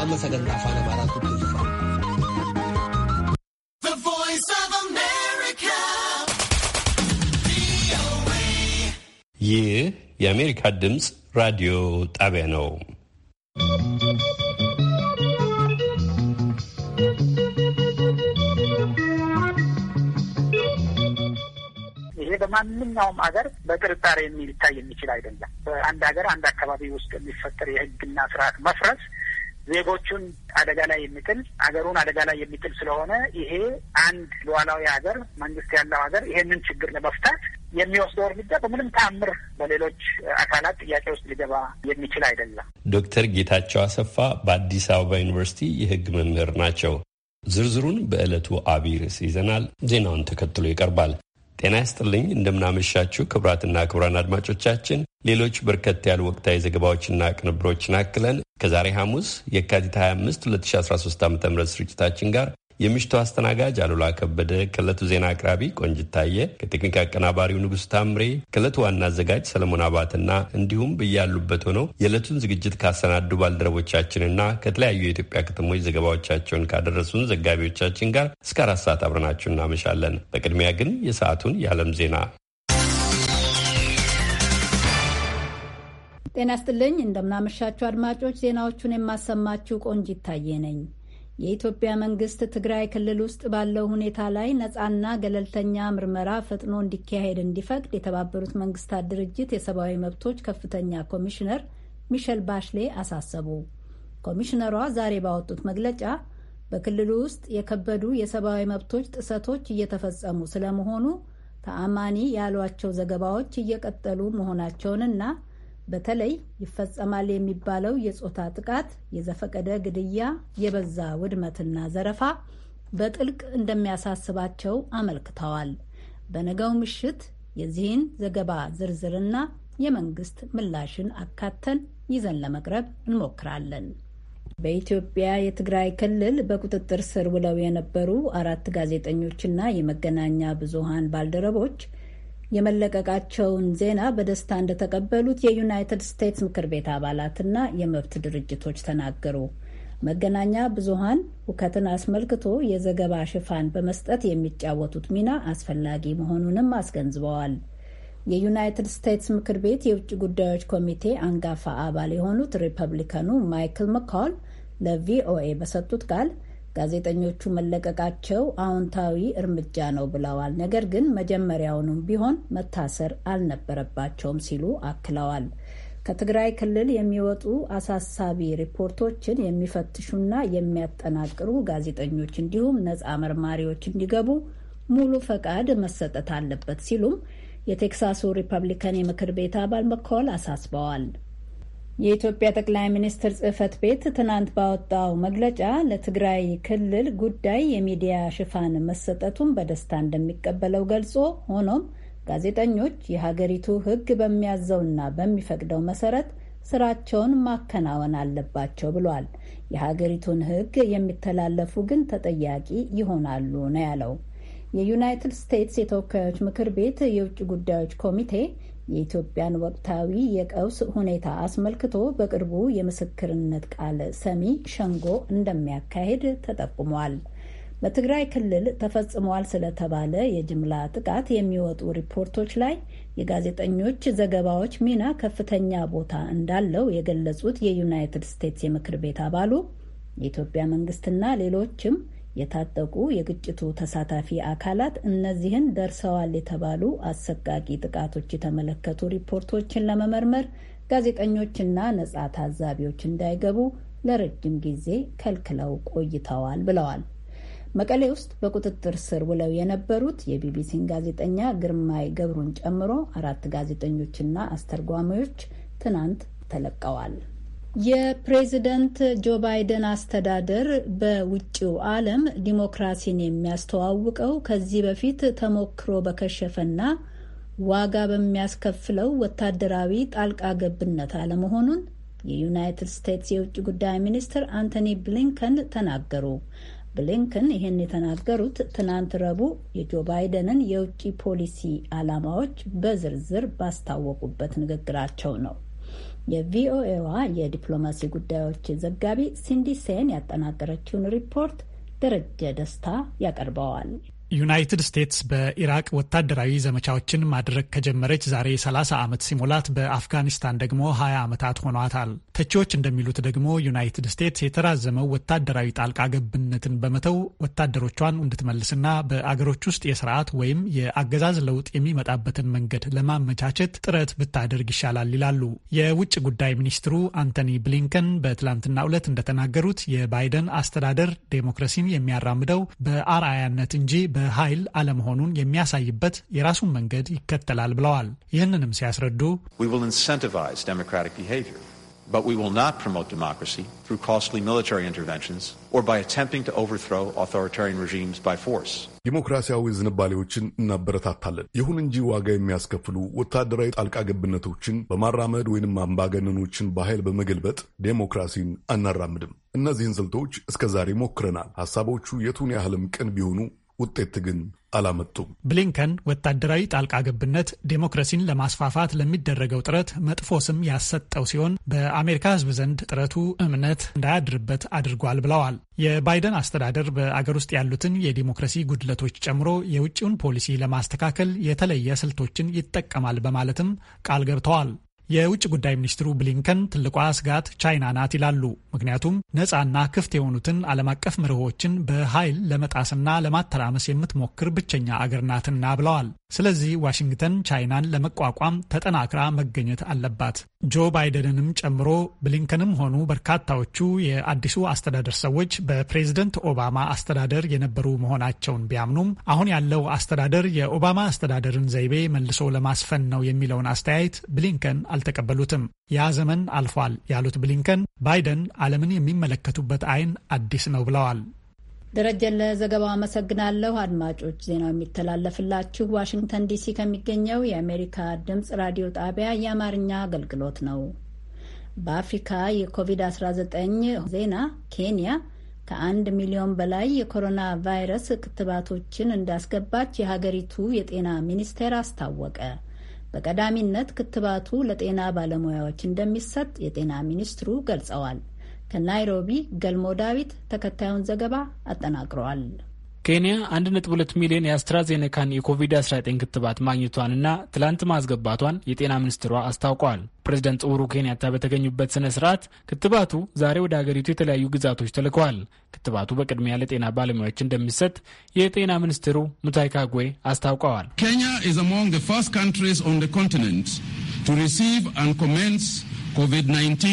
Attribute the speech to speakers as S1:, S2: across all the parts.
S1: amma sagantaa afaan amaaraatti
S2: ይህ የአሜሪካ ድምፅ ራዲዮ ጣቢያ ነው።
S3: ይሄ በማንኛውም ሀገር በጥርጣሬ የሚታይ የሚችል አይደለም። በአንድ ሀገር አንድ አካባቢ ውስጥ የሚፈጠር የሕግና ስርዓት መፍረስ ዜጎቹን አደጋ ላይ የሚጥል አገሩን አደጋ ላይ የሚጥል ስለሆነ ይሄ አንድ ሉዓላዊ ሀገር መንግስት ያለው ሀገር ይሄንን ችግር ለመፍታት የሚወስደው እርምጃ በምንም ተአምር በሌሎች አካላት ጥያቄ ውስጥ ሊገባ የሚችል አይደለም።
S2: ዶክተር ጌታቸው አሰፋ በአዲስ አበባ ዩኒቨርሲቲ የህግ መምህር ናቸው። ዝርዝሩን በዕለቱ አቢይ ርዕስ ይዘናል። ዜናውን ተከትሎ ይቀርባል። ጤና ይስጥልኝ እንደምናመሻችሁ ክቡራትና ክቡራን አድማጮቻችን ሌሎች በርከት ያሉ ወቅታዊ ዘገባዎችና ቅንብሮችን አክለን ከዛሬ ሐሙስ የካቲት 25 2013 ዓ ም ስርጭታችን ጋር የምሽቱ አስተናጋጅ አሉላ ከበደ፣ ከእለቱ ዜና አቅራቢ ቆንጅታየ፣ ታየ፣ ከቴክኒክ አቀናባሪው ንጉሥ ታምሬ፣ ከእለቱ ዋና አዘጋጅ ሰለሞን አባትና እንዲሁም ብያሉበት ሆነው የዕለቱን ዝግጅት ካሰናዱ ባልደረቦቻችንና ከተለያዩ የኢትዮጵያ ከተሞች ዘገባዎቻቸውን ካደረሱን ዘጋቢዎቻችን ጋር እስከ አራት ሰዓት አብረናችሁ እናመሻለን። በቅድሚያ ግን የሰዓቱን የዓለም ዜና
S4: ጤና ይስጥልኝ። እንደምናመሻችሁ አድማጮች፣ ዜናዎቹን የማሰማችሁ ቆንጅ ይታየ። ነኝ። የኢትዮጵያ መንግስት ትግራይ ክልል ውስጥ ባለው ሁኔታ ላይ ነፃና ገለልተኛ ምርመራ ፈጥኖ እንዲካሄድ እንዲፈቅድ የተባበሩት መንግስታት ድርጅት የሰብአዊ መብቶች ከፍተኛ ኮሚሽነር ሚሸል ባሽሌ አሳሰቡ። ኮሚሽነሯ ዛሬ ባወጡት መግለጫ በክልሉ ውስጥ የከበዱ የሰብአዊ መብቶች ጥሰቶች እየተፈጸሙ ስለመሆኑ ተአማኒ ያሏቸው ዘገባዎች እየቀጠሉ መሆናቸውንና በተለይ ይፈጸማል የሚባለው የጾታ ጥቃት፣ የዘፈቀደ ግድያ፣ የበዛ ውድመትና ዘረፋ በጥልቅ እንደሚያሳስባቸው አመልክተዋል። በነገው ምሽት የዚህን ዘገባ ዝርዝርና የመንግስት ምላሽን አካተን ይዘን ለመቅረብ እንሞክራለን። በኢትዮጵያ የትግራይ ክልል በቁጥጥር ስር ውለው የነበሩ አራት ጋዜጠኞችና የመገናኛ ብዙሃን ባልደረቦች የመለቀቃቸውን ዜና በደስታ እንደተቀበሉት የዩናይትድ ስቴትስ ምክር ቤት አባላትና የመብት ድርጅቶች ተናገሩ። መገናኛ ብዙሃን ሁከትን አስመልክቶ የዘገባ ሽፋን በመስጠት የሚጫወቱት ሚና አስፈላጊ መሆኑንም አስገንዝበዋል። የዩናይትድ ስቴትስ ምክር ቤት የውጭ ጉዳዮች ኮሚቴ አንጋፋ አባል የሆኑት ሪፐብሊካኑ ማይክል መኮል ለቪኦኤ በሰጡት ቃል ጋዜጠኞቹ መለቀቃቸው አዎንታዊ እርምጃ ነው ብለዋል። ነገር ግን መጀመሪያውንም ቢሆን መታሰር አልነበረባቸውም ሲሉ አክለዋል። ከትግራይ ክልል የሚወጡ አሳሳቢ ሪፖርቶችን የሚፈትሹና የሚያጠናቅሩ ጋዜጠኞች እንዲሁም ነፃ መርማሪዎች እንዲገቡ ሙሉ ፈቃድ መሰጠት አለበት ሲሉም የቴክሳሱ ሪፐብሊካን የምክር ቤት አባል መኮል አሳስበዋል። የኢትዮጵያ ጠቅላይ ሚኒስትር ጽህፈት ቤት ትናንት ባወጣው መግለጫ ለትግራይ ክልል ጉዳይ የሚዲያ ሽፋን መሰጠቱን በደስታ እንደሚቀበለው ገልጾ ሆኖም ጋዜጠኞች የሀገሪቱ ሕግ በሚያዘውና በሚፈቅደው መሰረት ስራቸውን ማከናወን አለባቸው ብሏል። የሀገሪቱን ሕግ የሚተላለፉ ግን ተጠያቂ ይሆናሉ ነው ያለው። የዩናይትድ ስቴትስ የተወካዮች ምክር ቤት የውጭ ጉዳዮች ኮሚቴ የኢትዮጵያን ወቅታዊ የቀውስ ሁኔታ አስመልክቶ በቅርቡ የምስክርነት ቃል ሰሚ ሸንጎ እንደሚያካሄድ ተጠቁሟል። በትግራይ ክልል ተፈጽሟል ስለተባለ የጅምላ ጥቃት የሚወጡ ሪፖርቶች ላይ የጋዜጠኞች ዘገባዎች ሚና ከፍተኛ ቦታ እንዳለው የገለጹት የዩናይትድ ስቴትስ የምክር ቤት አባሉ የኢትዮጵያ መንግስትና ሌሎችም የታጠቁ የግጭቱ ተሳታፊ አካላት እነዚህን ደርሰዋል የተባሉ አሰቃቂ ጥቃቶች የተመለከቱ ሪፖርቶችን ለመመርመር ጋዜጠኞችና ነጻ ታዛቢዎች እንዳይገቡ ለረጅም ጊዜ ከልክለው ቆይተዋል ብለዋል። መቀሌ ውስጥ በቁጥጥር ስር ውለው የነበሩት የቢቢሲን ጋዜጠኛ ግርማይ ገብሩን ጨምሮ አራት ጋዜጠኞችና አስተርጓሚዎች ትናንት ተለቀዋል። የፕሬዝደንት ጆ ባይደን አስተዳደር በውጭው ዓለም ዲሞክራሲን የሚያስተዋውቀው ከዚህ በፊት ተሞክሮ በከሸፈና ዋጋ በሚያስከፍለው ወታደራዊ ጣልቃ ገብነት አለመሆኑን የዩናይትድ ስቴትስ የውጭ ጉዳይ ሚኒስትር አንቶኒ ብሊንከን ተናገሩ። ብሊንከን ይህን የተናገሩት ትናንት ረቡዕ የጆ ባይደንን የውጭ ፖሊሲ ዓላማዎች በዝርዝር ባስታወቁበት ንግግራቸው ነው። የቪኦኤዋ የዲፕሎማሲ ጉዳዮች ዘጋቢ ሲንዲ ሴን ያጠናቀረችውን ሪፖርት ደረጀ ደስታ ያቀርበዋል።
S5: ዩናይትድ ስቴትስ በኢራቅ ወታደራዊ ዘመቻዎችን ማድረግ ከጀመረች ዛሬ 30 ዓመት ሲሞላት በአፍጋኒስታን ደግሞ 20 ዓመታት ሆኗታል። ተቺዎች እንደሚሉት ደግሞ ዩናይትድ ስቴትስ የተራዘመው ወታደራዊ ጣልቃ ገብነትን በመተው ወታደሮቿን እንድትመልስና በአገሮች ውስጥ የስርዓት ወይም የአገዛዝ ለውጥ የሚመጣበትን መንገድ ለማመቻቸት ጥረት ብታደርግ ይሻላል ይላሉ። የውጭ ጉዳይ ሚኒስትሩ አንቶኒ ብሊንከን በትላንትናው ዕለት እንደተናገሩት የባይደን አስተዳደር ዴሞክራሲን የሚያራምደው በአርአያነት እንጂ በኃይል አለመሆኑን የሚያሳይበት የራሱን መንገድ ይከተላል ብለዋል። ይህንንም ሲያስረዱ
S6: but we will not promote democracy through costly military interventions or by attempting to overthrow authoritarian regimes by force.
S1: ዲሞክራሲያዊ ዝንባሌዎችን እናበረታታለን። ይሁን እንጂ ዋጋ የሚያስከፍሉ ወታደራዊ ጣልቃ ገብነቶችን በማራመድ ወይንም አምባገነኖችን በኃይል በመገልበጥ ዴሞክራሲን አናራምድም። እነዚህን ስልቶች እስከ ዛሬ ሞክረናል። ሐሳቦቹ የቱን ያህልም ቅን ቢሆኑ ውጤት ግን አላመጡም።
S5: ብሊንከን ወታደራዊ ጣልቃ ገብነት ዴሞክራሲን ለማስፋፋት ለሚደረገው ጥረት መጥፎ ስም ያሰጠው ሲሆን በአሜሪካ ሕዝብ ዘንድ ጥረቱ እምነት እንዳያድርበት አድርጓል ብለዋል። የባይደን አስተዳደር በአገር ውስጥ ያሉትን የዲሞክራሲ ጉድለቶች ጨምሮ የውጭውን ፖሊሲ ለማስተካከል የተለየ ስልቶችን ይጠቀማል በማለትም ቃል ገብተዋል። የውጭ ጉዳይ ሚኒስትሩ ብሊንከን ትልቋ ስጋት ቻይና ናት ይላሉ። ምክንያቱም ነፃና ክፍት የሆኑትን ዓለም አቀፍ መርሆችን በኃይል ለመጣስና ለማተራመስ የምትሞክር ብቸኛ አገር ናትና ብለዋል። ስለዚህ ዋሽንግተን ቻይናን ለመቋቋም ተጠናክራ መገኘት አለባት። ጆ ባይደንንም ጨምሮ ብሊንከንም ሆኑ በርካታዎቹ የአዲሱ አስተዳደር ሰዎች በፕሬዝደንት ኦባማ አስተዳደር የነበሩ መሆናቸውን ቢያምኑም አሁን ያለው አስተዳደር የኦባማ አስተዳደርን ዘይቤ መልሶ ለማስፈን ነው የሚለውን አስተያየት ብሊንከን አልተቀበሉትም። ያ ዘመን አልፏል ያሉት ብሊንከን ባይደን ዓለምን የሚመለከቱበት አይን አዲስ ነው ብለዋል።
S4: ደረጀን ለዘገባው አመሰግናለሁ። አድማጮች ዜናው የሚተላለፍላችሁ ዋሽንግተን ዲሲ ከሚገኘው የአሜሪካ ድምፅ ራዲዮ ጣቢያ የአማርኛ አገልግሎት ነው። በአፍሪካ የኮቪድ-19 ዜና ኬንያ ከአንድ ሚሊዮን በላይ የኮሮና ቫይረስ ክትባቶችን እንዳስገባች የሀገሪቱ የጤና ሚኒስቴር አስታወቀ። በቀዳሚነት ክትባቱ ለጤና ባለሙያዎች እንደሚሰጥ የጤና ሚኒስትሩ ገልጸዋል። ከናይሮቢ ገልሞ ዳዊት ተከታዩን ዘገባ አጠናቅረዋል።
S7: ኬንያ 1.2 ሚሊዮን የአስትራዜኔካን የኮቪድ-19 ክትባት ማግኘቷንና ትላንት ማስገባቷን የጤና ሚኒስትሯ አስታውቀዋል። ፕሬዚደንት ኡሁሩ ኬንያታ በተገኙበት ስነ ስርዓት ክትባቱ ዛሬ ወደ አገሪቱ የተለያዩ ግዛቶች ተልከዋል። ክትባቱ በቅድሚያ ለጤና ባለሙያዎች እንደሚሰጥ የጤና ሚኒስትሩ ሙታይ ካግዌ
S1: አስታውቀዋል። ኬንያ is among the first countries on the continent to receive and commence COVID-19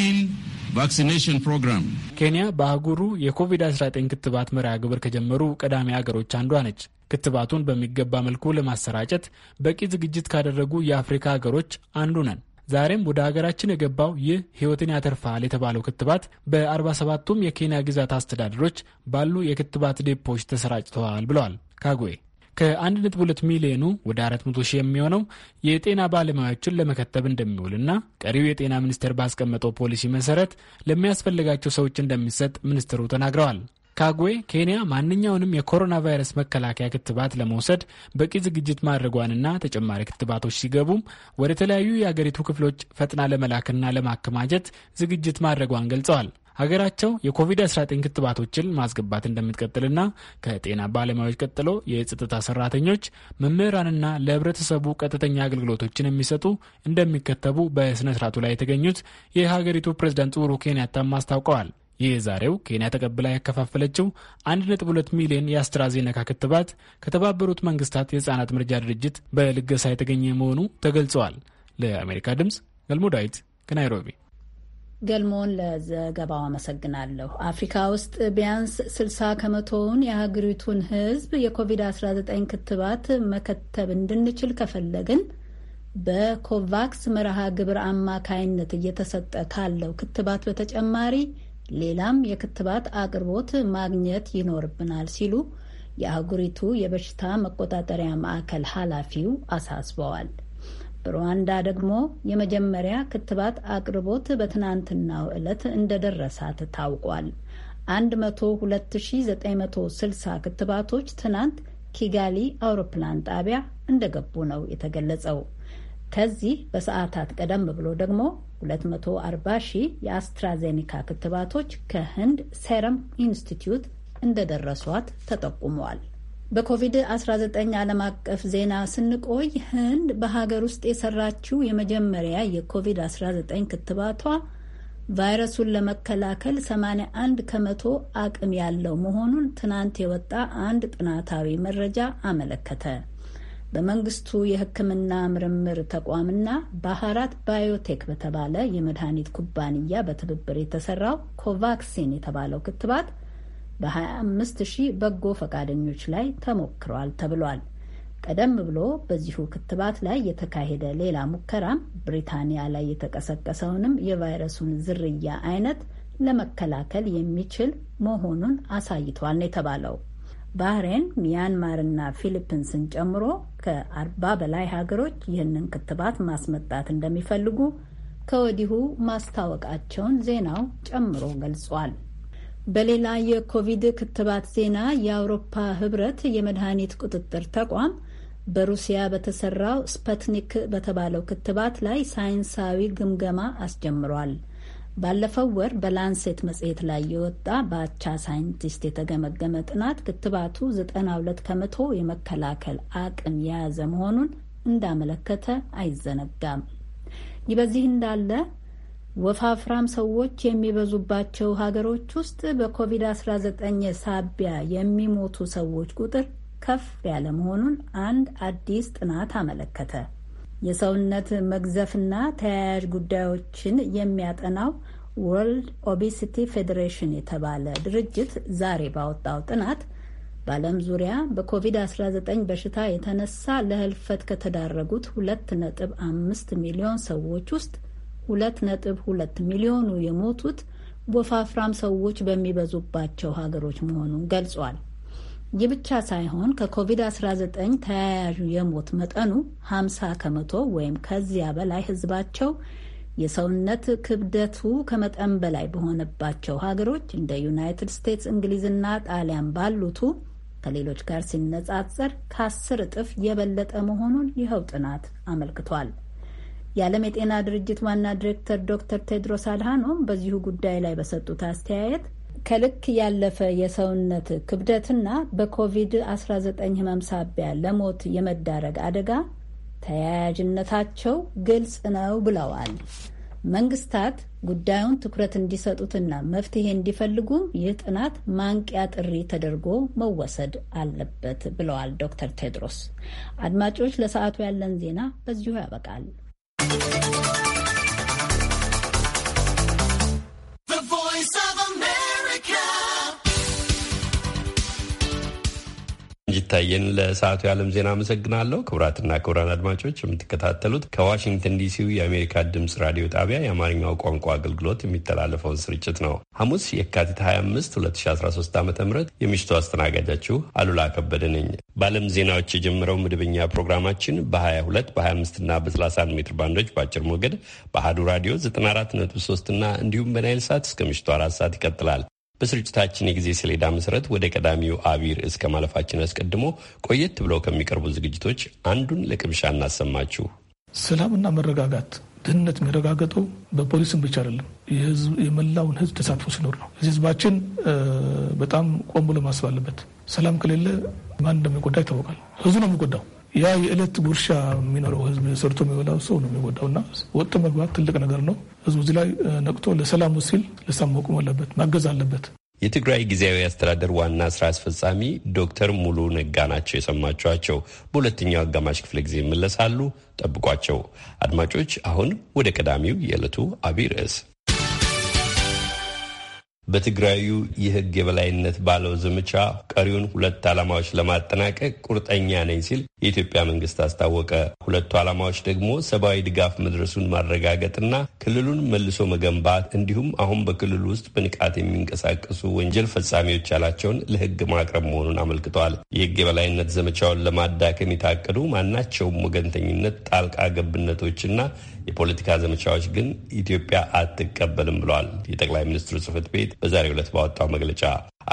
S1: ቫክሲኔሽን ፕሮግራም ኬንያ
S7: በአህጉሩ የኮቪድ-19 ክትባት መርሃ ግብር ከጀመሩ ቀዳሚ አገሮች አንዷ ነች። ክትባቱን በሚገባ መልኩ ለማሰራጨት በቂ ዝግጅት ካደረጉ የአፍሪካ ሀገሮች አንዱ ነን። ዛሬም ወደ ሀገራችን የገባው ይህ ሕይወትን ያተርፋል የተባለው ክትባት በ47ቱም የኬንያ ግዛት አስተዳደሮች ባሉ የክትባት ዴፖዎች ተሰራጭተዋል ብለዋል ካጉዌ ከ1.2 ሚሊዮኑ ወደ 400 ሺህ የሚሆነው የጤና ባለሙያዎችን ለመከተብ እንደሚውልና ቀሪው የጤና ሚኒስቴር ባስቀመጠው ፖሊሲ መሰረት ለሚያስፈልጋቸው ሰዎች እንደሚሰጥ ሚኒስትሩ ተናግረዋል። ካጉዌ ኬንያ ማንኛውንም የኮሮና ቫይረስ መከላከያ ክትባት ለመውሰድ በቂ ዝግጅት ማድረጓንና ተጨማሪ ክትባቶች ሲገቡም ወደ ተለያዩ የአገሪቱ ክፍሎች ፈጥና ለመላክና ለማከማቸት ዝግጅት ማድረጓን ገልጸዋል። ሀገራቸው የኮቪድ-19 ክትባቶችን ማስገባት እንደምትቀጥልና ከጤና ባለሙያዎች ቀጥሎ የጸጥታ ሰራተኞች፣ መምህራንና ለህብረተሰቡ ቀጥተኛ አገልግሎቶችን የሚሰጡ እንደሚከተቡ በስነ ስርዓቱ ላይ የተገኙት የሀገሪቱ ፕሬዝዳንት ጽሁሩ ኬንያታም አስታውቀዋል። ይህ ዛሬው ኬንያ ተቀብላ ያከፋፈለችው 1.2 ሚሊዮን የአስትራዜነካ ክትባት ከተባበሩት መንግስታት የህፃናት መርጃ ድርጅት በልገሳ የተገኘ መሆኑ ተገልጸዋል። ለአሜሪካ ድምፅ ገልሞ ዳዊት ከናይሮቢ
S4: ገልሞን ለዘገባው አመሰግናለሁ። አፍሪካ ውስጥ ቢያንስ 60 ከመቶውን የሀገሪቱን ሕዝብ የኮቪድ-19 ክትባት መከተብ እንድንችል ከፈለግን በኮቫክስ መርሃ ግብር አማካይነት እየተሰጠ ካለው ክትባት በተጨማሪ ሌላም የክትባት አቅርቦት ማግኘት ይኖርብናል ሲሉ የአህጉሪቱ የበሽታ መቆጣጠሪያ ማዕከል ኃላፊው አሳስበዋል። ሩዋንዳ ደግሞ የመጀመሪያ ክትባት አቅርቦት በትናንትናው ዕለት እንደደረሳት ታውቋል። 102960 ክትባቶች ትናንት ኪጋሊ አውሮፕላን ጣቢያ እንደገቡ ነው የተገለጸው። ከዚህ በሰዓታት ቀደም ብሎ ደግሞ 240 ሺህ የአስትራዜኒካ ክትባቶች ከህንድ ሴረም ኢንስቲትዩት እንደደረሷት ተጠቁመዋል። በኮቪድ-19 ዓለም አቀፍ ዜና ስንቆይ ህንድ በሀገር ውስጥ የሰራችው የመጀመሪያ የኮቪድ-19 ክትባቷ ቫይረሱን ለመከላከል 81 ከመቶ አቅም ያለው መሆኑን ትናንት የወጣ አንድ ጥናታዊ መረጃ አመለከተ። በመንግስቱ የሕክምና ምርምር ተቋምና ባህራት ባዮቴክ በተባለ የመድኃኒት ኩባንያ በትብብር የተሰራው ኮቫክሲን የተባለው ክትባት በ25 ሺህ በጎ ፈቃደኞች ላይ ተሞክሯል ተብሏል። ቀደም ብሎ በዚሁ ክትባት ላይ የተካሄደ ሌላ ሙከራም ብሪታንያ ላይ የተቀሰቀሰውንም የቫይረሱን ዝርያ አይነት ለመከላከል የሚችል መሆኑን አሳይቷል ነው የተባለው። ባህሬን፣ ሚያንማርና ፊሊፒንስን ጨምሮ ከአርባ በላይ ሀገሮች ይህንን ክትባት ማስመጣት እንደሚፈልጉ ከወዲሁ ማስታወቃቸውን ዜናው ጨምሮ ገልጿል። በሌላ የኮቪድ ክትባት ዜና የአውሮፓ ህብረት የመድኃኒት ቁጥጥር ተቋም በሩሲያ በተሰራው ስፐትኒክ በተባለው ክትባት ላይ ሳይንሳዊ ግምገማ አስጀምሯል። ባለፈው ወር በላንሴት መጽሔት ላይ የወጣ በአቻ ሳይንቲስት የተገመገመ ጥናት ክትባቱ 92 ከመቶ የመከላከል አቅም የያዘ መሆኑን እንዳመለከተ አይዘነጋም። ይህ በዚህ እንዳለ ወፋፍራም ሰዎች የሚበዙባቸው ሀገሮች ውስጥ በኮቪድ-19 ሳቢያ የሚሞቱ ሰዎች ቁጥር ከፍ ያለ መሆኑን አንድ አዲስ ጥናት አመለከተ። የሰውነት መግዘፍና ተያያዥ ጉዳዮችን የሚያጠናው ወርልድ ኦቢሲቲ ፌዴሬሽን የተባለ ድርጅት ዛሬ ባወጣው ጥናት በዓለም ዙሪያ በኮቪድ-19 በሽታ የተነሳ ለህልፈት ከተዳረጉት 2.5 ሚሊዮን ሰዎች ውስጥ ሁለት ነጥብ ሁለት ሚሊዮኑ የሞቱት ወፋፍራም ሰዎች በሚበዙባቸው ሀገሮች መሆኑን ገልጿል። ይህ ብቻ ሳይሆን ከኮቪድ-19 ተያያዡ የሞት መጠኑ 50 ከመቶ ወይም ከዚያ በላይ ህዝባቸው የሰውነት ክብደቱ ከመጠን በላይ በሆነባቸው ሀገሮች እንደ ዩናይትድ ስቴትስ፣ እንግሊዝና ጣሊያን ባሉቱ ከሌሎች ጋር ሲነጻጸር ከአስር እጥፍ የበለጠ መሆኑን ይኸው ጥናት አመልክቷል። የዓለም የጤና ድርጅት ዋና ዲሬክተር ዶክተር ቴድሮስ አድሃኖም በዚሁ ጉዳይ ላይ በሰጡት አስተያየት ከልክ ያለፈ የሰውነት ክብደትና በኮቪድ-19 ህመም ሳቢያ ለሞት የመዳረግ አደጋ ተያያዥነታቸው ግልጽ ነው ብለዋል። መንግስታት ጉዳዩን ትኩረት እንዲሰጡትና መፍትሄ እንዲፈልጉም ይህ ጥናት ማንቂያ ጥሪ ተደርጎ መወሰድ አለበት ብለዋል ዶክተር ቴድሮስ። አድማጮች፣ ለሰዓቱ ያለን ዜና በዚሁ ያበቃል። Thank you.
S2: ታየን ለሰዓቱ የዓለም ዜና አመሰግናለሁ። ክቡራትና ክቡራን አድማጮች የምትከታተሉት ከዋሽንግተን ዲሲው የአሜሪካ ድምፅ ራዲዮ ጣቢያ የአማርኛው ቋንቋ አገልግሎት የሚተላለፈውን ስርጭት ነው። ሐሙስ የካቲት 25 2013 ዓ ም የምሽቱ አስተናጋጃችሁ አሉላ ከበደ ነኝ። በዓለም ዜናዎች የጀመረው መደበኛ ፕሮግራማችን በ22 በ25 እና በ31 ሜትር ባንዶች በአጭር ሞገድ በአህዱ ራዲዮ 943 እና እንዲሁም በናይል ሰዓት እስከ ምሽቱ አራት ሰዓት ይቀጥላል። በስርጭታችን የጊዜ ሰሌዳ መሰረት ወደ ቀዳሚው አቢር እስከ ማለፋችን አስቀድሞ ቆየት ብለው ከሚቀርቡ ዝግጅቶች አንዱን ለቅምሻ እናሰማችሁ።
S8: ሰላምና መረጋጋት፣ ድህንነት የሚረጋገጠው በፖሊስም ብቻ አይደለም፣ የመላውን ህዝብ ተሳትፎ ሲኖር ነው። እዚህ ህዝባችን በጣም ቆም ብሎ ማሰብ አለበት። ሰላም ከሌለ ማን እንደሚጎዳ ይታወቃል። ህዝቡ ነው የሚጎዳው። ያ የዕለት ጉርሻ የሚኖረው ህዝብ ሰርቶ የሚበላው ሰው ነው የሚጎዳውና ወጥቶ መግባት ትልቅ ነገር ነው። ህዝቡ እዚህ ላይ ነቅቶ ለሰላሙ ሲል ለሰላም መቆም አለበት፣ ማገዝ አለበት።
S2: የትግራይ ጊዜያዊ አስተዳደር ዋና ስራ አስፈጻሚ ዶክተር ሙሉ ነጋ ናቸው የሰማችኋቸው። በሁለተኛው አጋማሽ ክፍለ ጊዜ ይመለሳሉ፣ ጠብቋቸው አድማጮች። አሁን ወደ ቀዳሚው የዕለቱ አቢይ ርዕስ በትግራዩ የህግ የበላይነት ባለው ዘመቻ ቀሪውን ሁለት ዓላማዎች ለማጠናቀቅ ቁርጠኛ ነኝ ሲል የኢትዮጵያ መንግስት አስታወቀ። ሁለቱ ዓላማዎች ደግሞ ሰብአዊ ድጋፍ መድረሱን ማረጋገጥና ክልሉን መልሶ መገንባት እንዲሁም አሁን በክልሉ ውስጥ በንቃት የሚንቀሳቀሱ ወንጀል ፈጻሚዎች ያላቸውን ለህግ ማቅረብ መሆኑን አመልክተዋል። የህግ የበላይነት ዘመቻውን ለማዳከም የታቀዱ ማናቸውም ወገንተኝነት፣ ጣልቃ ገብነቶችና የፖለቲካ ዘመቻዎች ግን ኢትዮጵያ አትቀበልም ብሏል የጠቅላይ ሚኒስትሩ ጽህፈት ቤት በዛሬ ዕለት ባወጣው መግለጫ።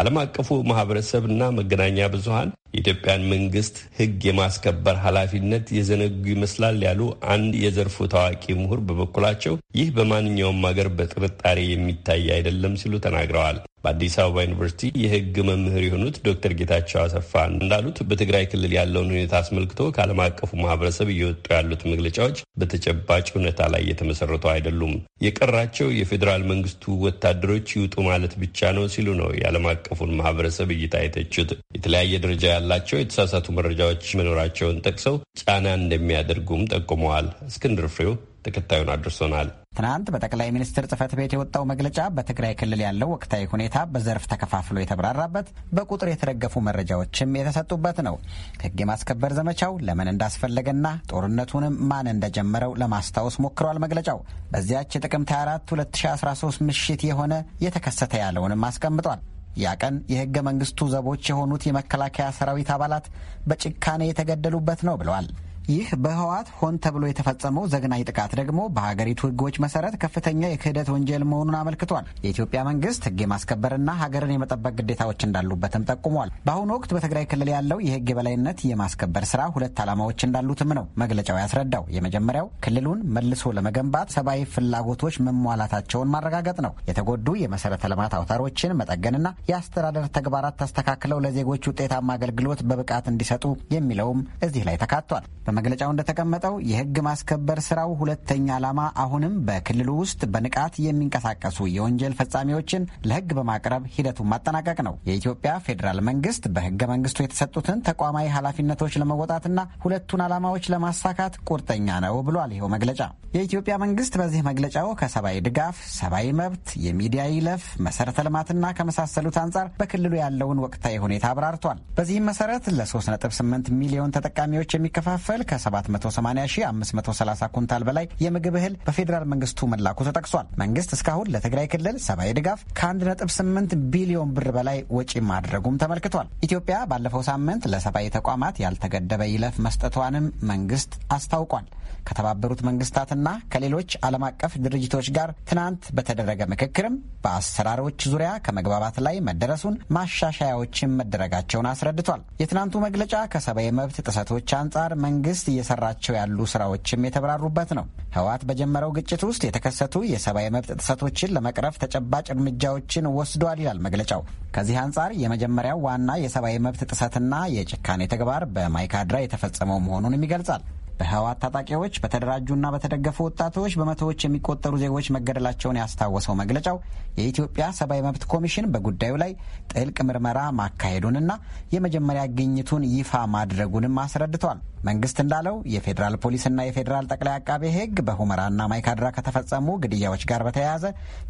S2: ዓለም አቀፉ ማህበረሰብ እና መገናኛ ብዙሃን የኢትዮጵያን መንግስት ህግ የማስከበር ኃላፊነት የዘነጉ ይመስላል ያሉ አንድ የዘርፉ ታዋቂ ምሁር በበኩላቸው ይህ በማንኛውም ሀገር በጥርጣሬ የሚታይ አይደለም ሲሉ ተናግረዋል። በአዲስ አበባ ዩኒቨርሲቲ የሕግ መምህር የሆኑት ዶክተር ጌታቸው አሰፋ እንዳሉት በትግራይ ክልል ያለውን ሁኔታ አስመልክቶ ከዓለም አቀፉ ማህበረሰብ እየወጡ ያሉት መግለጫዎች በተጨባጭ እውነታ ላይ የተመሰረቱ አይደሉም። የቀራቸው የፌዴራል መንግስቱ ወታደሮች ይውጡ ማለት ብቻ ነው ሲሉ ነው የዓለም አቀፉን ማህበረሰብ እይታ የተቹት። የተለያየ ደረጃ ያላቸው የተሳሳቱ መረጃዎች መኖራቸውን ጠቅሰው ጫና እንደሚያደርጉም ጠቁመዋል። እስክንድር ፍሬው ተከታዩን አድርሶናል።
S9: ትናንት በጠቅላይ ሚኒስትር ጽህፈት ቤት የወጣው መግለጫ በትግራይ ክልል ያለው ወቅታዊ ሁኔታ በዘርፍ ተከፋፍሎ የተብራራበት፣ በቁጥር የተደገፉ መረጃዎችም የተሰጡበት ነው። ህግ የማስከበር ዘመቻው ለምን እንዳስፈለገና ጦርነቱንም ማን እንደጀመረው ለማስታወስ ሞክሯል። መግለጫው በዚያች የጥቅምት 24 2013 ምሽት የሆነ የተከሰተ ያለውንም አስቀምጧል። ያ ቀን የህገ መንግስቱ ዘቦች የሆኑት የመከላከያ ሰራዊት አባላት በጭካኔ የተገደሉበት ነው ብለዋል። ይህ በህወሓት ሆን ተብሎ የተፈጸመው ዘግናኝ ጥቃት ደግሞ በሀገሪቱ ህጎች መሰረት ከፍተኛ የክህደት ወንጀል መሆኑን አመልክቷል። የኢትዮጵያ መንግስት ህግ የማስከበርና ሀገርን የመጠበቅ ግዴታዎች እንዳሉበትም ጠቁሟል። በአሁኑ ወቅት በትግራይ ክልል ያለው የህግ የበላይነት የማስከበር ስራ ሁለት ዓላማዎች እንዳሉትም ነው መግለጫው ያስረዳው። የመጀመሪያው ክልሉን መልሶ ለመገንባት ሰብአዊ ፍላጎቶች መሟላታቸውን ማረጋገጥ ነው። የተጎዱ የመሰረተ ልማት አውታሮችን መጠገንና የአስተዳደር ተግባራት ተስተካክለው ለዜጎች ውጤታማ አገልግሎት በብቃት እንዲሰጡ የሚለውም እዚህ ላይ ተካቷል። በመግለጫው እንደተቀመጠው የህግ ማስከበር ስራው ሁለተኛ ዓላማ አሁንም በክልሉ ውስጥ በንቃት የሚንቀሳቀሱ የወንጀል ፈጻሚዎችን ለህግ በማቅረብ ሂደቱን ማጠናቀቅ ነው። የኢትዮጵያ ፌዴራል መንግስት በህገ መንግስቱ የተሰጡትን ተቋማዊ ኃላፊነቶች ለመወጣትና ሁለቱን ዓላማዎች ለማሳካት ቁርጠኛ ነው ብሏል። ይኸው መግለጫ የኢትዮጵያ መንግስት በዚህ መግለጫው ከሰብአዊ ድጋፍ፣ ሰብአዊ መብት፣ የሚዲያ ይለፍ፣ መሰረተ ልማትና ከመሳሰሉት አንጻር በክልሉ ያለውን ወቅታዊ ሁኔታ አብራርቷል። በዚህም መሰረት ለ3.8 ሚሊዮን ተጠቃሚዎች የሚከፋፈል ከ780530 ኩንታል በላይ የምግብ እህል በፌዴራል መንግስቱ መላኩ ተጠቅሷል። መንግስት እስካሁን ለትግራይ ክልል ሰብአዊ ድጋፍ ከ1.8 ቢሊዮን ብር በላይ ወጪ ማድረጉም ተመልክቷል። ኢትዮጵያ ባለፈው ሳምንት ለሰብአዊ ተቋማት ያልተገደበ ይለፍ መስጠቷንም መንግስት አስታውቋል። ከተባበሩት መንግስታትና ከሌሎች ዓለም አቀፍ ድርጅቶች ጋር ትናንት በተደረገ ምክክርም በአሰራሮች ዙሪያ ከመግባባት ላይ መደረሱን ማሻሻያዎችን መደረጋቸውን አስረድቷል። የትናንቱ መግለጫ ከሰብአዊ መብት ጥሰቶች አንጻር መንግስት መንግስት እየሰራቸው ያሉ ስራዎችም የተብራሩበት ነው። ህወሓት በጀመረው ግጭት ውስጥ የተከሰቱ የሰብአዊ መብት ጥሰቶችን ለመቅረፍ ተጨባጭ እርምጃዎችን ወስዷል ይላል መግለጫው። ከዚህ አንጻር የመጀመሪያው ዋና የሰብአዊ መብት ጥሰትና የጭካኔ ተግባር በማይካድራ የተፈጸመው መሆኑንም ይገልጻል። በህወሓት ታጣቂዎች በተደራጁና በተደገፉ ወጣቶች በመቶዎች የሚቆጠሩ ዜጎች መገደላቸውን ያስታወሰው መግለጫው የኢትዮጵያ ሰብአዊ መብት ኮሚሽን በጉዳዩ ላይ ጥልቅ ምርመራ ማካሄዱንና የመጀመሪያ ግኝቱን ይፋ ማድረጉንም አስረድቷል። መንግስት እንዳለው የፌዴራል ፖሊስና የፌዴራል ጠቅላይ አቃቤ ሕግ በሁመራና ማይካድራ ከተፈጸሙ ግድያዎች ጋር በተያያዘ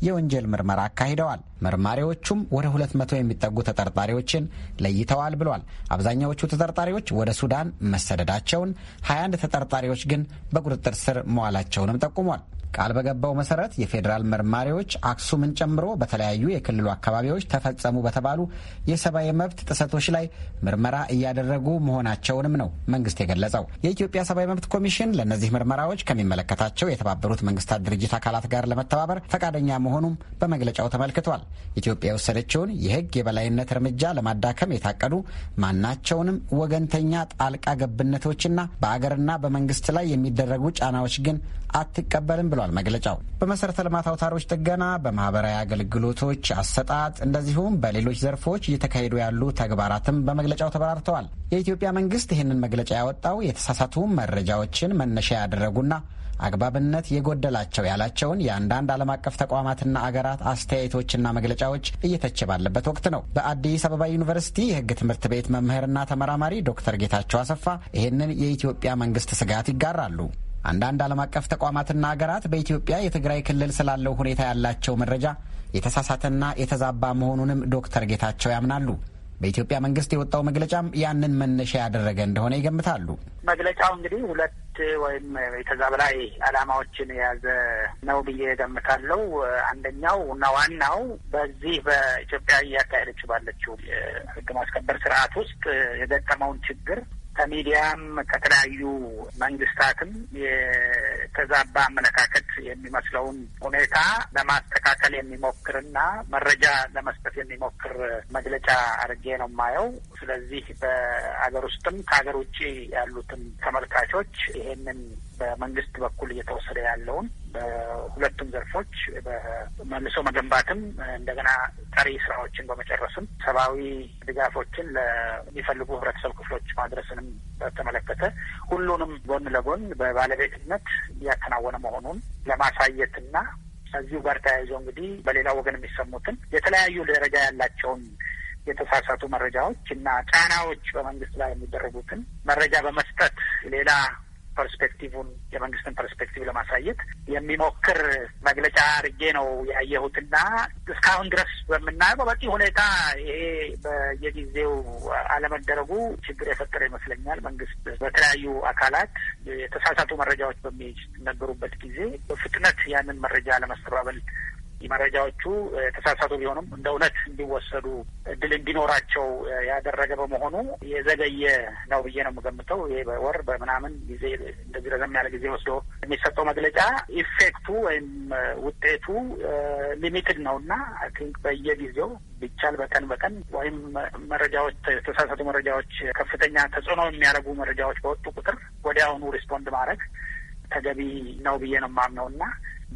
S9: የወንጀል ምርመራ አካሂደዋል። መርማሪዎቹም ወደ ሁለት መቶ የሚጠጉ ተጠርጣሪዎችን ለይተዋል ብሏል። አብዛኛዎቹ ተጠርጣሪዎች ወደ ሱዳን መሰደዳቸውን 21 ተጠርጣሪዎች ግን በቁጥጥር ስር መዋላቸውንም ጠቁሟል። ቃል በገባው መሰረት የፌዴራል መርማሪዎች አክሱምን ጨምሮ በተለያዩ የክልሉ አካባቢዎች ተፈጸሙ በተባሉ የሰብአዊ መብት ጥሰቶች ላይ ምርመራ እያደረጉ መሆናቸውንም ነው መንግስት የገለጸው። የኢትዮጵያ ሰብአዊ መብት ኮሚሽን ለእነዚህ ምርመራዎች ከሚመለከታቸው የተባበሩት መንግስታት ድርጅት አካላት ጋር ለመተባበር ፈቃደኛ መሆኑም በመግለጫው ተመልክቷል። ኢትዮጵያ የወሰደችውን የህግ የበላይነት እርምጃ ለማዳከም የታቀዱ ማናቸውንም ወገንተኛ ጣልቃ ገብነቶችና በአገርና በመንግስት ላይ የሚደረጉ ጫናዎች ግን አትቀበልም ብሏል። ብሏል መግለጫው። በመሠረተ ልማት አውታሮች ጥገና፣ በማህበራዊ አገልግሎቶች አሰጣጥ እንደዚሁም በሌሎች ዘርፎች እየተካሄዱ ያሉ ተግባራትም በመግለጫው ተበራርተዋል። የኢትዮጵያ መንግስት ይህንን መግለጫ ያወጣው የተሳሳቱ መረጃዎችን መነሻ ያደረጉና አግባብነት የጎደላቸው ያላቸውን የአንዳንድ ዓለም አቀፍ ተቋማትና አገራት አስተያየቶችና መግለጫዎች እየተቸ ባለበት ወቅት ነው። በአዲስ አበባ ዩኒቨርሲቲ የህግ ትምህርት ቤት መምህርና ተመራማሪ ዶክተር ጌታቸው አሰፋ ይህንን የኢትዮጵያ መንግስት ስጋት ይጋራሉ። አንዳንድ ዓለም አቀፍ ተቋማትና ሀገራት በኢትዮጵያ የትግራይ ክልል ስላለው ሁኔታ ያላቸው መረጃ የተሳሳተና የተዛባ መሆኑንም ዶክተር ጌታቸው ያምናሉ። በኢትዮጵያ መንግስት የወጣው መግለጫም ያንን መነሻ ያደረገ እንደሆነ ይገምታሉ።
S3: መግለጫው እንግዲህ ሁለት ወይም ከዛ በላይ አላማዎችን የያዘ ነው ብዬ ገምታለው። አንደኛው እና ዋናው በዚህ በኢትዮጵያ እያካሄደች ባለችው የህግ ማስከበር ስርዓት ውስጥ የገጠመውን ችግር ከሚዲያም ከተለያዩ መንግስታትም የተዛባ አመለካከት የሚመስለውን ሁኔታ ለማስተካከል የሚሞክርና መረጃ ለመስጠት የሚሞክር መግለጫ አድርጌ ነው የማየው። ስለዚህ በአገር ውስጥም ከሀገር ውጭ ያሉትን ተመልካቾች ይሄንን በመንግስት በኩል እየተወሰደ ያለውን በሁለቱም ዘርፎች በመልሶ መገንባትም እንደገና ቀሪ ስራዎችን በመጨረስም ሰብአዊ ድጋፎችን ለሚፈልጉ ህብረተሰብ ክፍሎች ማድረስንም በተመለከተ ሁሉንም ጎን ለጎን በባለቤትነት እያከናወነ መሆኑን ለማሳየትና ከዚሁ ጋር ተያይዞ እንግዲህ በሌላ ወገን የሚሰሙትን የተለያዩ ደረጃ ያላቸውን የተሳሳቱ መረጃዎች እና ጫናዎች በመንግስት ላይ የሚደረጉትን መረጃ በመስጠት ሌላ ፐርስፔክቲቭን የመንግስትን ፐርስፔክቲቭ ለማሳየት የሚሞክር መግለጫ አድርጌ ነው ያየሁትና እስካሁን ድረስ በምናየው በበቂ ሁኔታ ይሄ በየጊዜው አለመደረጉ ችግር የፈጠረ ይመስለኛል። መንግስት በተለያዩ አካላት የተሳሳቱ መረጃዎች በሚነገሩበት ጊዜ በፍጥነት ያንን መረጃ ለመስተባበል መረጃዎቹ የተሳሳቱ ቢሆኑም እንደ እውነት እንዲወሰዱ እድል እንዲኖራቸው ያደረገ በመሆኑ የዘገየ ነው ብዬ ነው የምገምተው። ይሄ በወር በምናምን ጊዜ እንደዚህ ረዘም ያለ ጊዜ ወስዶ የሚሰጠው መግለጫ ኢፌክቱ ወይም ውጤቱ ሊሚትድ ነው እና አይ ቲንክ በየጊዜው ቢቻል በቀን በቀን ወይም መረጃዎች የተሳሳቱ መረጃዎች ከፍተኛ ተጽዕኖ የሚያደርጉ መረጃዎች በወጡ ቁጥር ወዲያውኑ ሪስፖንድ ማድረግ ተገቢ ነው ብዬ ነው የማምነው እና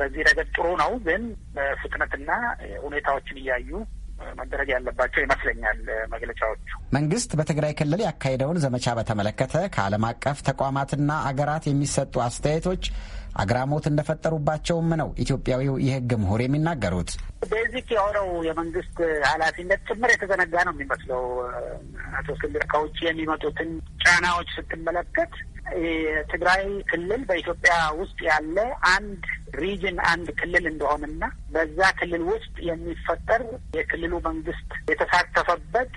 S3: በዚህ ረገድ ጥሩ ነው፣ ግን በፍጥነትና ሁኔታዎችን እያዩ መደረግ ያለባቸው ይመስለኛል መግለጫዎቹ።
S9: መንግስት በትግራይ ክልል ያካሄደውን ዘመቻ በተመለከተ ከዓለም አቀፍ ተቋማትና አገራት የሚሰጡ አስተያየቶች አግራሞት እንደፈጠሩባቸውም ነው ኢትዮጵያዊው የህግ ምሁር የሚናገሩት።
S3: ቤዚክ የሆነው የመንግስት ኃላፊነት ጭምር የተዘነጋ ነው የሚመስለው። አቶ እስክንድር ከውጭ የሚመጡትን ጫናዎች ስትመለከት የትግራይ ክልል በኢትዮጵያ ውስጥ ያለ አንድ ሪጅን አንድ ክልል እንደሆነና በዛ ክልል ውስጥ የሚፈጠር የክልሉ መንግስት የተሳተፈበት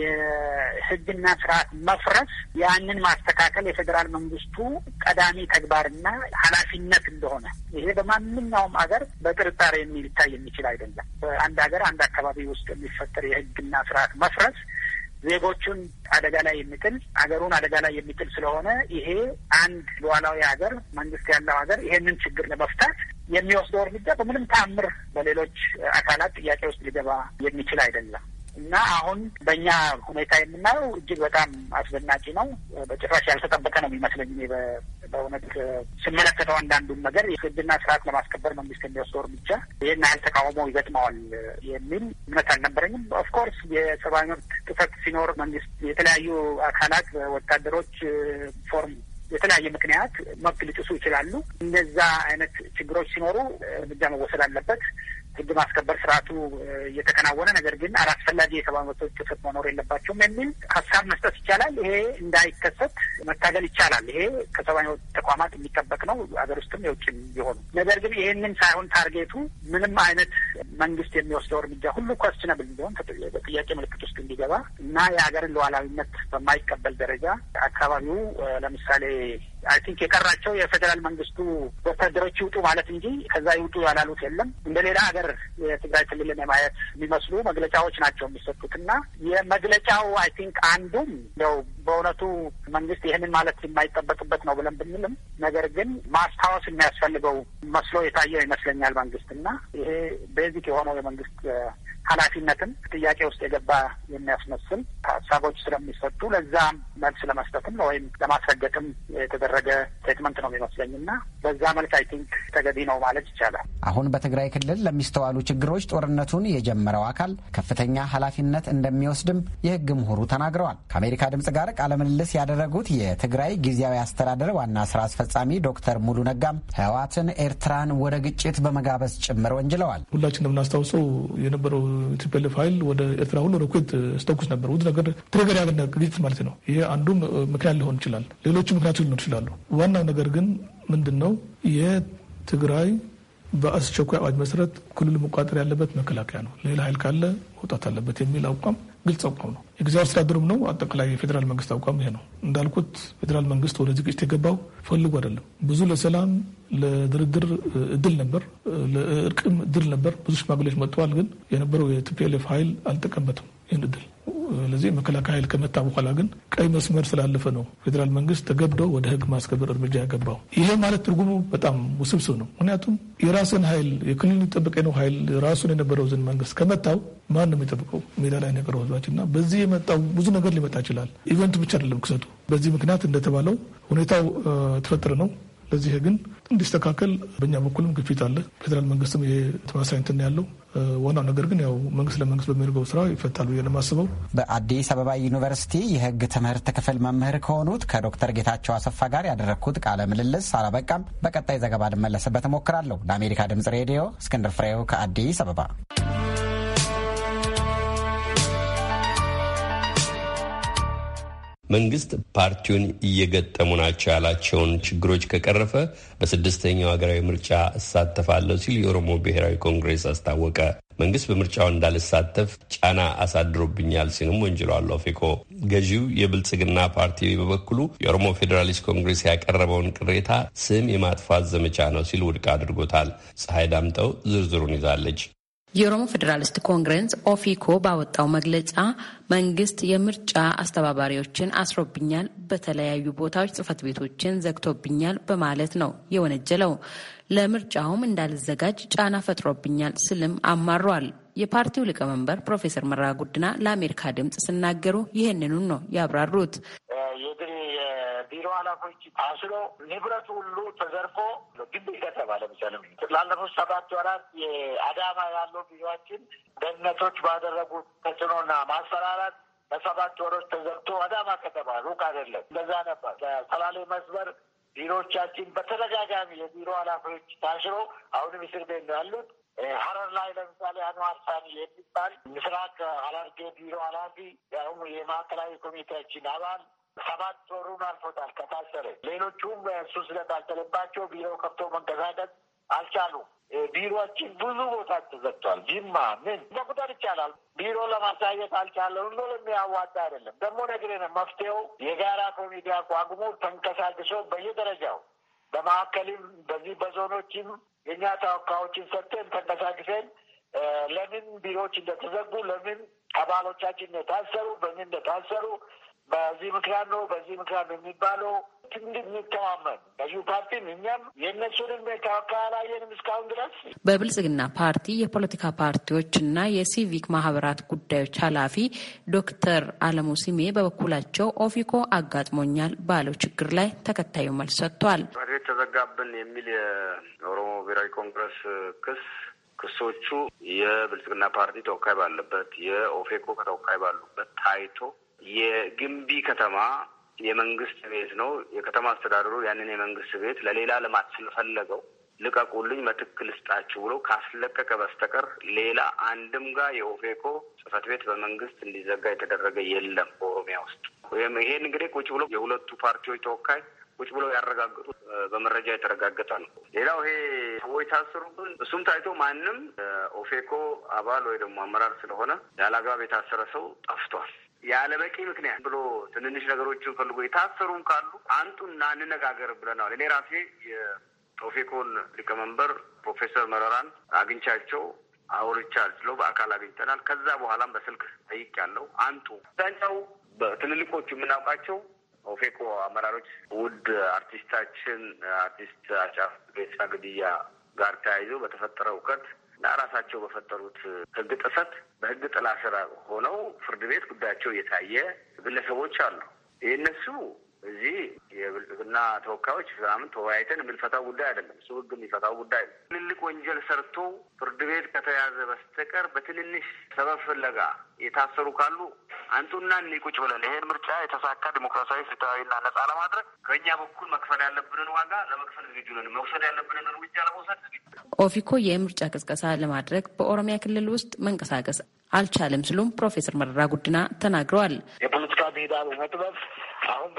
S3: የህግና ስርዓት መፍረስ ያንን ማስተካከል የፌዴራል መንግስቱ ቀዳሚ ተግባርና ኃላፊነት እንደሆነ ይሄ በማንኛውም ሀገር በጥርጣሬ የሚታይ የሚችል አይደለም። በአንድ ሀገር አንድ አካባቢ ውስጥ የሚፈጠር የህግና ስርዓት መፍረስ ዜጎቹን አደጋ ላይ የሚጥል አገሩን አደጋ ላይ የሚጥል ስለሆነ ይሄ አንድ ሉዓላዊ ሀገር መንግስት ያለው ሀገር ይሄንን ችግር ለመፍታት የሚወስደው እርምጃ በምንም ተአምር በሌሎች አካላት ጥያቄ ውስጥ ሊገባ የሚችል አይደለም። እና አሁን በእኛ ሁኔታ የምናየው እጅግ በጣም አስደናቂ ነው። በጭራሽ ያልተጠበቀ ነው የሚመስለኝ። በእውነት ስመለከተው አንዳንዱን ነገር የህግና ስርዓት ለማስከበር መንግስት የሚወስደው እርምጃ ይህን ያህል ተቃውሞ ይገጥመዋል የሚል እምነት አልነበረኝም። ኦፍኮርስ የሰብአዊ መብት ጥሰት ሲኖር መንግስት የተለያዩ አካላት ወታደሮች ፎርም የተለያየ ምክንያት መብት ሊጥሱ ይችላሉ። እነዛ አይነት ችግሮች ሲኖሩ እርምጃ መወሰድ አለበት። ህግ ማስከበር ስርዓቱ እየተከናወነ ነገር ግን አላስፈላጊ የሰብአዊ መብቶች ጥሰት መኖር የለባቸውም የሚል ሀሳብ መስጠት ይቻላል። ይሄ እንዳይከሰት መታገል ይቻላል። ይሄ ከሰብአዊ መብት ተቋማት የሚጠበቅ ነው፣ አገር ውስጥም የውጭም ቢሆኑ። ነገር ግን ይሄንን ሳይሆን ታርጌቱ ምንም አይነት መንግስት የሚወስደው እርምጃ ሁሉ ኮስችነብል እንዲሆን ጥያቄ ምልክት ውስጥ እንዲገባ እና የሀገርን ሉዓላዊነት በማይቀበል ደረጃ አካባቢው ለምሳሌ አይ ቲንክ የቀራቸው የፌዴራል መንግስቱ ወታደሮች ይውጡ ማለት እንጂ ከዛ ይውጡ ያላሉት የለም። እንደ ሌላ ሀገር የትግራይ ክልልን የማየት የሚመስሉ መግለጫዎች ናቸው የሚሰጡት እና የመግለጫው አይ ቲንክ አንዱም እንደው በእውነቱ መንግስት ይህንን ማለት የማይጠበቅበት ነው ብለን ብንልም ነገር ግን ማስታወስ የሚያስፈልገው መስሎ የታየው ይመስለኛል መንግስት እና ይሄ ቤዚክ የሆነው የመንግስት ኃላፊነትም ጥያቄ ውስጥ የገባ የሚያስመስል ሀሳቦች ስለሚሰጡ ለዛ መልስ ለመስጠትም ወይም ለማስረገጥም የተደረገ ስቴትመንት ነው የሚመስለኝ እና በዛ መልክ አይ ቲንክ ተገቢ ነው ማለት ይቻላል።
S9: አሁን በትግራይ ክልል ለሚስተዋሉ ችግሮች ጦርነቱን የጀመረው አካል ከፍተኛ ኃላፊነት እንደሚወስድም የህግ ምሁሩ ተናግረዋል። ከአሜሪካ ድምጽ ጋር ቃለ ምልልስ ያደረጉት የትግራይ ጊዜያዊ አስተዳደር ዋና ስራ አስፈጻሚ ዶክተር ሙሉ ነጋም ህወሓትን ኤርትራን ወደ ግጭት በመጋበዝ ጭምር ወንጅለዋል።
S8: ሁላችን እንደምናስታውሰው የነበረው ቲፒኤልኤፍ ኃይል ወደ ኤርትራ ሁሉ ሮኬት ስተኩስ ነበር። ውድ ነገር ትሪገር ያገ ግጭት ማለት ነው። ይሄ አንዱ ምክንያት ሊሆን ይችላል። ሌሎቹ ምክንያቱ ሊሆን ይችላሉ። ዋናው ነገር ግን ምንድን ነው የትግራይ በአስቸኳይ አዋጅ መሰረት ክልሉ መቋጠር ያለበት መከላከያ ነው። ሌላ ኃይል ካለ መውጣት አለበት የሚል አቋም ግልጽ አቋም ነው። የጊዜ አስተዳደሩም ነው። አጠቃላይ የፌዴራል መንግስት አቋም ይሄ ነው። እንዳልኩት ፌዴራል መንግስት ወደዚህ ግጭት የገባው ፈልጎ አይደለም። ብዙ ለሰላም ለድርድር እድል ነበር፣ ለእርቅም እድል ነበር። ብዙ ሽማግሌዎች መጥተዋል። ግን የነበረው የቲፒኤልኤፍ ኃይል አልጠቀምበትም ይህን እድል። ለዚህ መከላከያ ኃይል ከመጣ በኋላ ግን ቀይ መስመር ስላለፈ ነው ፌዴራል መንግስት ተገዶ ወደ ህግ ማስከበር እርምጃ ያገባው። ይሄ ማለት ትርጉሙ በጣም ውስብስብ ነው። ምክንያቱም የራስን ኃይል የክልል ጠበቀ ነው ኃይል ራሱን የነበረው ዝን መንግስት ከመጣው ማን ነው የሚጠብቀው? ሜዳ ላይ ነገረው ህዝባችን እና በዚህ የመጣው ብዙ ነገር ሊመጣ ይችላል። ኢቨንት ብቻ አይደለም ክሰቱ። በዚህ ምክንያት እንደተባለው ሁኔታው ተፈጥረ ነው። ለዚህ ግን እንዲስተካከል በእኛ በኩልም ግፊት አለ። ፌዴራል መንግስትም የተመሳሳይ እንትን ያለው ዋናው ነገር ግን ያው መንግስት ለመንግስት በሚያደርገው ስራ ይፈታሉ ብዬ
S9: በአዲስ አበባ ዩኒቨርሲቲ የህግ ትምህርት ክፍል መምህር ከሆኑት ከዶክተር ጌታቸው አሰፋ ጋር ያደረግኩት ቃለ ምልልስ አላበቃም። በቀጣይ ዘገባ ልመለስበት እሞክራለሁ። ለአሜሪካ ድምጽ ሬዲዮ እስክንድር ፍሬው ከአዲስ አበባ
S2: መንግስት ፓርቲውን እየገጠሙ ናቸው ያላቸውን ችግሮች ከቀረፈ በስድስተኛው ሀገራዊ ምርጫ እሳተፋለሁ ሲል የኦሮሞ ብሔራዊ ኮንግሬስ አስታወቀ። መንግስት በምርጫው እንዳልሳተፍ ጫና አሳድሮብኛል ሲልም ወንጅሏል። ኦፌኮ ገዢው የብልጽግና ፓርቲ በበኩሉ የኦሮሞ ፌዴራሊስት ኮንግሬስ ያቀረበውን ቅሬታ ስም የማጥፋት ዘመቻ ነው ሲል ውድቅ አድርጎታል። ፀሐይ ዳምጠው ዝርዝሩን ይዛለች።
S10: የኦሮሞ ፌዴራሊስት ኮንግረስ ኦፊኮ ባወጣው መግለጫ መንግስት የምርጫ አስተባባሪዎችን አስሮብኛል፣ በተለያዩ ቦታዎች ጽህፈት ቤቶችን ዘግቶብኛል በማለት ነው የወነጀለው። ለምርጫውም እንዳልዘጋጅ ጫና ፈጥሮብኛል ስልም አማሯል። የፓርቲው ሊቀመንበር ፕሮፌሰር መረራ ጉዲና ለአሜሪካ ድምፅ ሲናገሩ ይህንኑን ነው ያብራሩት። የቢሮ ኃላፊዎች አስሮ
S11: ንብረቱ ሁሉ ተዘርፎ ግቢ ገጠባ ለምሳሌ ላለፉት ሰባት ወራት የአዳማ ያለው ቢሮችን ደህንነቶች ባደረጉት ተጽዕኖና ማስፈራራት በሰባት ወሮች ተዘርቶ አዳማ ከተማ ሩቅ አይደለም። እንደዛ ነበር። ከሰላሌ መስመር ቢሮዎቻችን በተደጋጋሚ የቢሮ ኃላፊዎች ታሽሮ አሁንም እስር ቤት ነው ያሉት። ሀረር ላይ ለምሳሌ አንዋር ሳኒ የሚባል ምስራቅ ሐረርጌ ቢሮ ኃላፊ ያሁኑ የማዕከላዊ ኮሚቴያችን አባል ሰባት ወሩን አልፎታል ከታሰረ። ሌሎቹም እሱ ስለታሰረባቸው ቢሮ ከፍቶ መንቀሳቀስ አልቻሉም። ቢሮችን ብዙ ቦታ ተዘግቷል። ጅማ ምን በቁጥር ይቻላል። ቢሮ ለማሳየት አልቻለም ብሎ ለሚያዋጣ አይደለም። ደግሞ ነግሬን መፍትሄው የጋራ ኮሚቴ አቋቁሞ ተንቀሳቅሶ በየደረጃው በማዕከልም በዚህ በዞኖችም የእኛ ተወካዮችን ሰጥተን ተንቀሳቅሰን ለምን ቢሮዎች እንደተዘጉ ለምን አባሎቻችን እንደታሰሩ በምን እንደታሰሩ በዚህ ምክንያት ነው በዚህ ምክንያት ነው የሚባለው ትንድ በዚሁ ፓርቲም እኛም የእነሱንም ተወካይ አላየንም እስካሁን ድረስ።
S10: በብልጽግና ፓርቲ የፖለቲካ ፓርቲዎች ፓርቲዎችና የሲቪክ ማህበራት ጉዳዮች ኃላፊ ዶክተር አለሙ ሲሜ በበኩላቸው ኦፊኮ አጋጥሞኛል ባለው ችግር ላይ ተከታዩ መልስ ሰጥቷል።
S12: መሬት ተዘጋብን የሚል የኦሮሞ ብሔራዊ ኮንግረስ ክስ ክሶቹ የብልጽግና ፓርቲ ተወካይ ባለበት የኦፌኮ ከተወካይ ባሉበት ታይቶ የግንቢ ከተማ የመንግስት ቤት ነው። የከተማ አስተዳደሩ ያንን የመንግስት ቤት ለሌላ ልማት ስለፈለገው ልቀቁልኝ፣ መትክ ልስጣችሁ ብሎ ካስለቀቀ በስተቀር ሌላ አንድም ጋር የኦፌኮ ጽህፈት ቤት በመንግስት እንዲዘጋ የተደረገ የለም በኦሮሚያ ውስጥ። ይሄን እንግዲህ ቁጭ ብሎ የሁለቱ ፓርቲዎች ተወካይ ቁጭ ብለው ያረጋግጡ በመረጃ የተረጋገጠ ነው። ሌላው ይሄ ሰዎች ታስሩብን እሱም ታይቶ ማንም ኦፌኮ አባል ወይ ደግሞ አመራር ስለሆነ ያለ አግባብ የታሰረ ሰው ጠፍቷል። ያለ በቂ ምክንያት ብሎ ትንንሽ ነገሮችን ፈልጎ የታሰሩም ካሉ አንጡና እንነጋገር ብለናል። እኔ ራሴ የኦፌኮን ሊቀመንበር ፕሮፌሰር መረራን አግኝቻቸው አውርቻለሁ። በአካል አግኝተናል። ከዛ በኋላም በስልክ ጠይቅ ያለው አንጡ አብዛኛው በትልልቆቹ የምናውቃቸው ኦፌኮ አመራሮች ውድ አርቲስታችን አርቲስት አጫፍ ቤሳ ግድያ ጋር ተያይዞ በተፈጠረ እውቀት እና ራሳቸው በፈጠሩት ህግ ጥሰት በህግ ጥላ ስር ሆነው ፍርድ ቤት ጉዳያቸው እየታየ ግለሰቦች አሉ። የእነሱ እዚህ የብልጽግና ተወካዮች ምናምን ተወያይተን የምንፈታው ጉዳይ አይደለም። እሱ ህግ የሚፈታው ጉዳይ ነው። ትልልቅ ወንጀል ሰርቶ ፍርድ ቤት ከተያዘ በስተቀር በትንንሽ ሰበብ ፍለጋ የታሰሩ ካሉ አንጡና ቁጭ ብለን ይሄን ምርጫ የተሳካ ዲሞክራሲያዊ፣ ፍትሐዊና ነጻ ለማድረግ ከእኛ በኩል መክፈል ያለብንን ዋጋ ለመክፈል ዝግጁ ነን። መውሰድ ያለብንን እርምጃ ለመውሰድ
S13: ዝግጁ ኦፊኮ
S10: የምርጫ ቅስቀሳ ለማድረግ በኦሮሚያ ክልል ውስጥ መንቀሳቀስ አልቻለም ሲሉም ፕሮፌሰር መረራ ጉድና ተናግረዋል። የፖለቲካ ሜዳ መጥበብ አሁን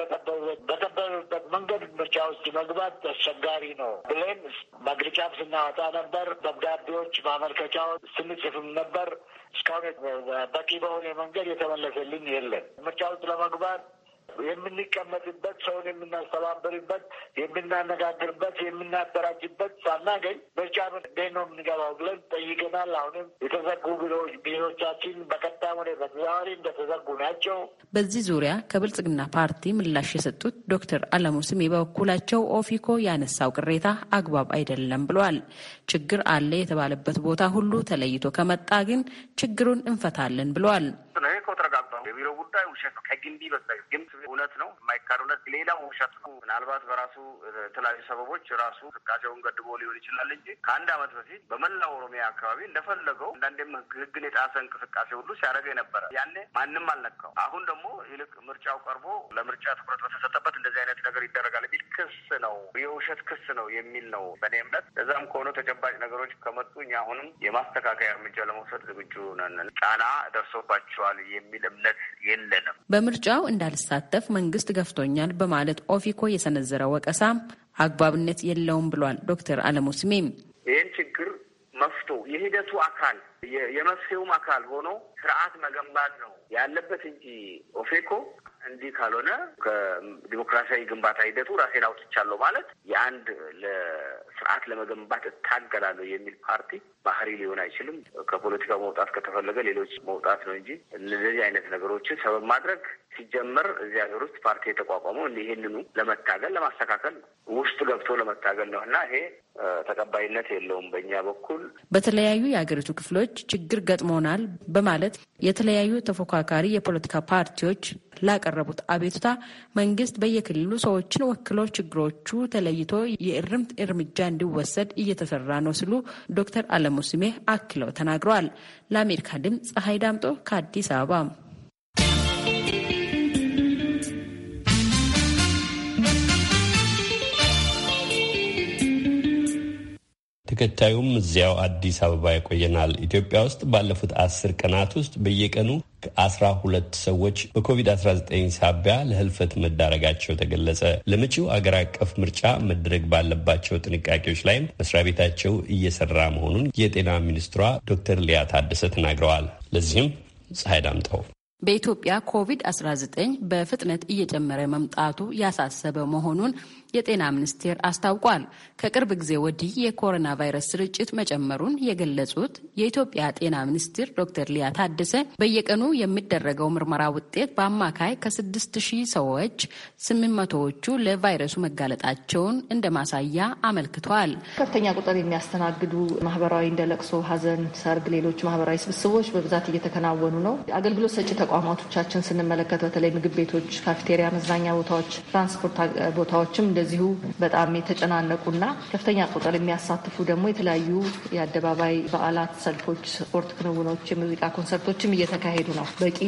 S10: በጠበበበት መንገድ ምርጫ
S11: ውስጥ መግባት አስቸጋሪ ነው ብለን መግለጫም ስናወጣ ነበር። ደብዳቤዎች፣ ማመልከቻዎች ስንጽፍም ነበር። እስካሁን በቂ በሆነ መንገድ የተመለሰልን የለን ምርጫ ውስጥ ለመግባት የምንቀመጥበት፣ ሰውን የምናስተባብርበት፣ የምናነጋግርበት፣ የምናደራጅበት ሳናገኝ ምርጫ እንዴት ነው የምንገባው ብለን ጠይቀናል። አሁንም የተዘጉ
S10: ቢሮቻችን በቀጣይ ሆነ በተዘዋዋሪ እንደተዘጉ ናቸው። በዚህ ዙሪያ ከብልጽግና ፓርቲ ምላሽ የሰጡት ዶክተር አለሙ ስሜ በበኩላቸው ኦፊኮ ያነሳው ቅሬታ አግባብ አይደለም ብለዋል። ችግር አለ የተባለበት ቦታ ሁሉ ተለይቶ ከመጣ ግን ችግሩን እንፈታለን ብለዋል።
S12: የቢሮ ጉዳይ ውሸት ከግንቢ በስተቀር ግንብ እውነት ነው፣ የማይካድ እውነት። ሌላው ውሸት ነው። ምናልባት በራሱ የተለያዩ ሰበቦች ራሱ እንቅስቃሴውን ገድቦ ሊሆን ይችላል እንጂ ከአንድ አመት በፊት በመላው ኦሮሚያ አካባቢ እንደፈለገው አንዳንዴም ህግን የጣሰ እንቅስቃሴ ሁሉ ሲያደርገ ነበረ። ያኔ ማንም አልነካው። አሁን ደግሞ ይልቅ ምርጫው ቀርቦ ለምርጫ ትኩረት በተሰጠበት እንደዚህ አይነት ነገር ይደረጋል የሚል ክስ ነው፣ የውሸት ክስ ነው የሚል ነው በእኔ እምነት። እዛም ከሆነ ተጨባጭ ነገሮች ከመጡ እኛ አሁንም የማስተካከያ እርምጃ ለመውሰድ ዝግጁ ነን። ጫና ደርሶባቸዋል የሚል እምነት እምነት የለንም።
S10: በምርጫው እንዳልሳተፍ መንግስት ገፍቶኛል በማለት ኦፊኮ የሰነዘረ ወቀሳ አግባብነት የለውም ብሏል ዶክተር አለሙ ስሜም
S12: ይህን ችግር መፍቶ የሂደቱ አካል የመፍትሄውም አካል ሆኖ ስርዓት መገንባት ነው ያለበት እንጂ ኦፌኮ እንዲህ ካልሆነ ከዲሞክራሲያዊ ግንባታ ሂደቱ ራሴን አውጥቻለሁ ማለት የአንድ ለስርዓት ለመገንባት እታገላለሁ የሚል ፓርቲ ባህሪ ሊሆን አይችልም። ከፖለቲካ መውጣት ከተፈለገ ሌሎች መውጣት ነው እንጂ እነዚህ አይነት ነገሮችን ሰበብ ማድረግ ሲጀመር እዚህ ሀገር ውስጥ ፓርቲ የተቋቋመው ይህንኑ ለመታገል ለማስተካከል ውስጥ ገብቶ ለመታገል ነው እና ይሄ ተቀባይነት የለውም በእኛ በኩል።
S10: በተለያዩ የሀገሪቱ ክፍሎች ፓርቲዎች ችግር ገጥሞናል በማለት የተለያዩ ተፎካካሪ የፖለቲካ ፓርቲዎች ላቀረቡት አቤቱታ መንግስት በየክልሉ ሰዎችን ወክሎ ችግሮቹ ተለይቶ የእርምት እርምጃ እንዲወሰድ እየተሰራ ነው ሲሉ ዶክተር አለሙ ስሜ አክለው ተናግረዋል። ለአሜሪካ ድምፅ ፀሐይ ዳምጦ ከአዲስ አበባ
S2: ተከታዩም እዚያው አዲስ አበባ ያቆየናል። ኢትዮጵያ ውስጥ ባለፉት አስር ቀናት ውስጥ በየቀኑ ከአስራ ሁለት ሰዎች በኮቪድ-19 ሳቢያ ለህልፈት መዳረጋቸው ተገለጸ። ለመጪው አገር አቀፍ ምርጫ መደረግ ባለባቸው ጥንቃቄዎች ላይም መስሪያ ቤታቸው እየሰራ መሆኑን የጤና ሚኒስትሯ ዶክተር ሊያ ታደሰ ተናግረዋል። ለዚህም ፀሐይ ዳምጠው
S10: በኢትዮጵያ ኮቪድ-19 በፍጥነት እየጨመረ መምጣቱ ያሳሰበ መሆኑን የጤና ሚኒስቴር አስታውቋል። ከቅርብ ጊዜ ወዲህ የኮሮና ቫይረስ ስርጭት መጨመሩን የገለጹት የኢትዮጵያ ጤና ሚኒስትር ዶክተር ሊያ ታደሰ በየቀኑ የሚደረገው ምርመራ ውጤት በአማካይ ከስድስት ሺህ ሰዎች ስምንት መቶዎቹ ለቫይረሱ
S14: መጋለጣቸውን እንደ ማሳያ አመልክተዋል። ከፍተኛ ቁጥር የሚያስተናግዱ ማህበራዊ እንደ ለቅሶ፣ ሀዘን፣ ሰርግ፣ ሌሎች ማህበራዊ ስብስቦች በብዛት እየተከናወኑ ነው። አገልግሎት ሰጪ ተቋማቶቻችን ስንመለከት በተለይ ምግብ ቤቶች፣ ካፍቴሪያ መዝናኛ ቦታዎች፣ ትራንስፖርት ቦታዎችም እንደዚሁ በጣም የተጨናነቁና ከፍተኛ ቁጥር የሚያሳትፉ ደግሞ የተለያዩ የአደባባይ በዓላት፣ ሰልፎች፣ ስፖርት ክንውኖች፣ የሙዚቃ ኮንሰርቶችም እየተካሄዱ ነው። በቂ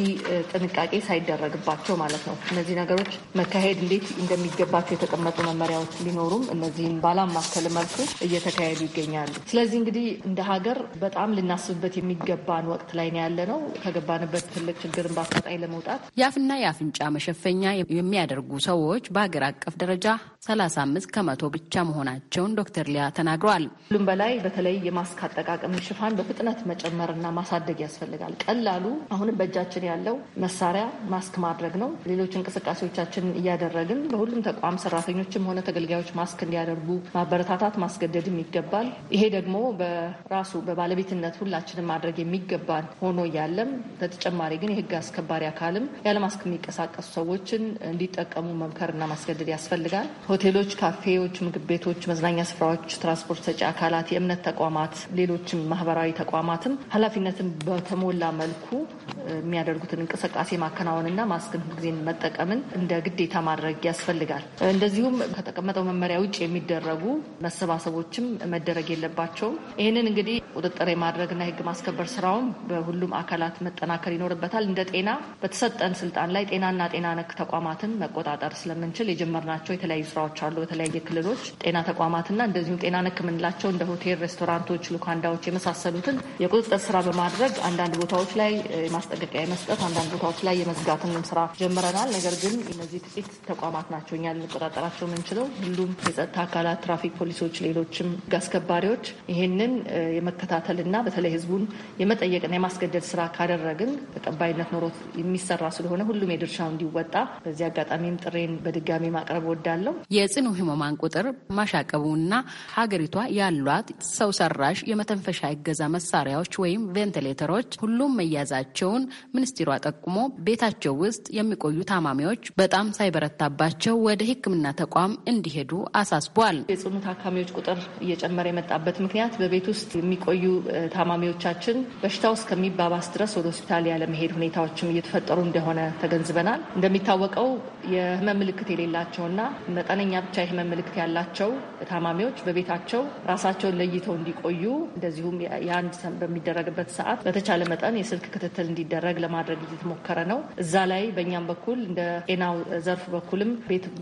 S14: ጥንቃቄ ሳይደረግባቸው ማለት ነው። እነዚህ ነገሮች መካሄድ እንዴት እንደሚገባቸው የተቀመጡ መመሪያዎች ቢኖሩም እነዚህን ባላማከል መልኩ እየተካሄዱ ይገኛሉ። ስለዚህ እንግዲህ እንደ ሀገር በጣም ልናስብበት የሚገባን ወቅት ላይ ነው ያለ ነው። ከገባንበት ትልቅ ችግርን
S10: በአፋጣኝ ለመውጣት የአፍና የአፍንጫ መሸፈኛ የሚያደርጉ ሰዎች በሀገር አቀፍ ደረጃ 35 ከመቶ ብቻ መሆናቸውን ዶክተር ሊያ ተናግረዋል። ሁሉም በላይ በተለይ የማስክ
S14: አጠቃቀም ሽፋን በፍጥነት መጨመርና ማሳደግ ያስፈልጋል። ቀላሉ አሁንም በእጃችን ያለው መሳሪያ ማስክ ማድረግ ነው። ሌሎች እንቅስቃሴዎቻችንን እያደረግን በሁሉም ተቋም ሰራተኞችም ሆነ ተገልጋዮች ማስክ እንዲያደርጉ ማበረታታት ማስገደድም ይገባል። ይሄ ደግሞ በራሱ በባለቤትነት ሁላችንም ማድረግ የሚገባን ሆኖ እያለም በተጨማሪ ግን የህግ አስከባሪ አካልም ያለ ማስክ የሚንቀሳቀሱ ሰዎችን እንዲጠቀሙ መምከርና ማስገደድ ያስፈልጋል። ሆቴሎች፣ ካፌዎች፣ ምግብ ቤቶች፣ መዝናኛ ስፍራዎች፣ ትራንስፖርት ሰጪ አካላት፣ የእምነት ተቋማት፣ ሌሎችም ማህበራዊ ተቋማትም ኃላፊነትን በተሞላ መልኩ የሚያደርጉትን እንቅስቃሴ ማከናወንና ማስክን ሁልጊዜን መጠቀምን እንደ ግዴታ ማድረግ ያስፈልጋል። እንደዚሁም ከተቀመጠው መመሪያ ውጭ የሚደረጉ መሰባሰቦችም መደረግ የለባቸውም። ይህንን እንግዲህ ቁጥጥር የማድረግና የህግ ማስከበር ስራውም በሁሉም አካላት መጠናከር ይኖርበታል። እንደ ጤና በተሰጠን ስልጣን ላይ ጤናና ጤና ነክ ተቋማትን መቆጣጠር ስለምንችል የጀመርናቸው የተለያዩ ስራ ስራዎች አሉ። በተለያየ ክልሎች ጤና ተቋማትና እንደዚሁም ጤና ነክ የምንላቸው እንደ ሆቴል፣ ሬስቶራንቶች፣ ሉካንዳዎች የመሳሰሉትን የቁጥጥር ስራ በማድረግ አንዳንድ ቦታዎች ላይ የማስጠንቀቂያ የመስጠት አንዳንድ ቦታዎች ላይ የመዝጋትንም ስራ ጀምረናል። ነገር ግን እነዚህ ጥቂት ተቋማት ናቸው እኛ ልንቆጣጠራቸው የምንችለው። ሁሉም የጸጥታ አካላት፣ ትራፊክ ፖሊሶች፣ ሌሎችም ህግ አስከባሪዎች ይህንን የመከታተልና በተለይ ህዝቡን የመጠየቅና የማስገደድ ስራ ካደረግን ተቀባይነት ኖሮት የሚሰራ ስለሆነ ሁሉም የድርሻው እንዲወጣ በዚህ አጋጣሚም ጥሬን በድጋሚ ማቅረብ ወዳለው
S10: የጽኑ ህሙማን ቁጥር ማሻቀቡና ሀገሪቷ ያሏት ሰው ሰራሽ የመተንፈሻ እገዛ መሳሪያዎች ወይም ቬንትሌተሮች ሁሉም መያዛቸውን ሚኒስትሯ ጠቁሞ ቤታቸው ውስጥ የሚቆዩ ታማሚዎች በጣም ሳይበረታባቸው ወደ ሕክምና ተቋም
S14: እንዲሄዱ አሳስቧል። የጽኑ ታካሚዎች ቁጥር እየጨመረ የመጣበት ምክንያት በቤት ውስጥ የሚቆዩ ታማሚዎቻችን በሽታው እስከሚባባስ ድረስ ወደ ሆስፒታል ያለመሄድ ሁኔታዎችም እየተፈጠሩ እንደሆነ ተገንዝበናል። እንደሚታወቀው የህመም ምልክት የሌላቸውና መጠን መጠነኛ ብቻ የህመም ምልክት ያላቸው ታማሚዎች በቤታቸው ራሳቸውን ለይተው እንዲቆዩ እንደዚሁም የአንድ በሚደረግበት ሰዓት በተቻለ መጠን የስልክ ክትትል እንዲደረግ ለማድረግ እየተሞከረ ነው። እዛ ላይ በእኛም በኩል እንደ ጤናው ዘርፍ በኩልም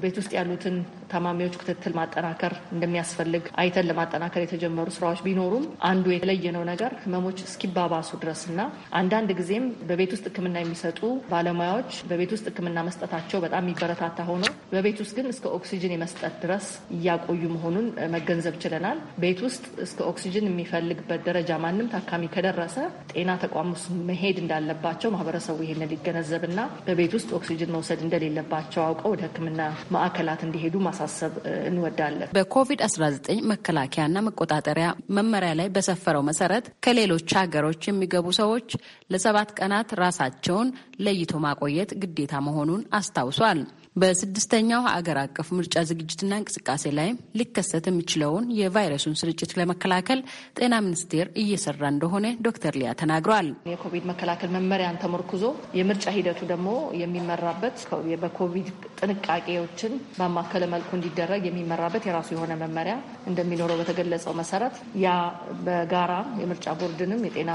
S14: ቤት ውስጥ ያሉትን ታማሚዎች ክትትል ማጠናከር እንደሚያስፈልግ አይተን ለማጠናከር የተጀመሩ ስራዎች ቢኖሩም አንዱ የተለየነው ነገር ህመሞች እስኪባባሱ ድረስ እና አንዳንድ ጊዜም በቤት ውስጥ ሕክምና የሚሰጡ ባለሙያዎች በቤት ውስጥ ሕክምና መስጠታቸው በጣም የሚበረታታ ሆኖ በቤት ውስጥ ግን እስከ ኦክሲጅን ኦክሲጅን የመስጠት ድረስ እያቆዩ መሆኑን መገንዘብ ችለናል። ቤት ውስጥ እስከ ኦክሲጅን የሚፈልግበት ደረጃ ማንም ታካሚ ከደረሰ ጤና ተቋም ውስጥ መሄድ እንዳለባቸው ማህበረሰቡ ይህንን ሊገነዘብና በቤት ውስጥ ኦክሲጅን መውሰድ እንደሌለባቸው አውቀው ወደ ሕክምና ማዕከላት እንዲሄዱ ማሳሰብ እንወዳለን።
S10: በኮቪድ-19 መከላከያና መቆጣጠሪያ መመሪያ ላይ በሰፈረው መሰረት ከሌሎች ሀገሮች የሚገቡ ሰዎች ለሰባት ቀናት ራሳቸውን ለይቶ ማቆየት ግዴታ መሆኑን አስታውሷል። በስድስተኛው ሀገር አቀፍ ምርጫ ዝግጅትና እንቅስቃሴ ላይም ሊከሰት የሚችለውን የቫይረሱን ስርጭት ለመከላከል ጤና ሚኒስቴር እየሰራ እንደሆነ ዶክተር ሊያ ተናግረዋል። የኮቪድ
S14: መከላከል መመሪያን ተመርኩዞ የምርጫ ሂደቱ ደግሞ የሚመራበት በኮቪድ ጥንቃቄዎችን ባማከለ መልኩ እንዲደረግ የሚመራበት የራሱ የሆነ መመሪያ እንደሚኖረው በተገለጸው መሰረት ያ በጋራ የምርጫ ቦርድንም የጤና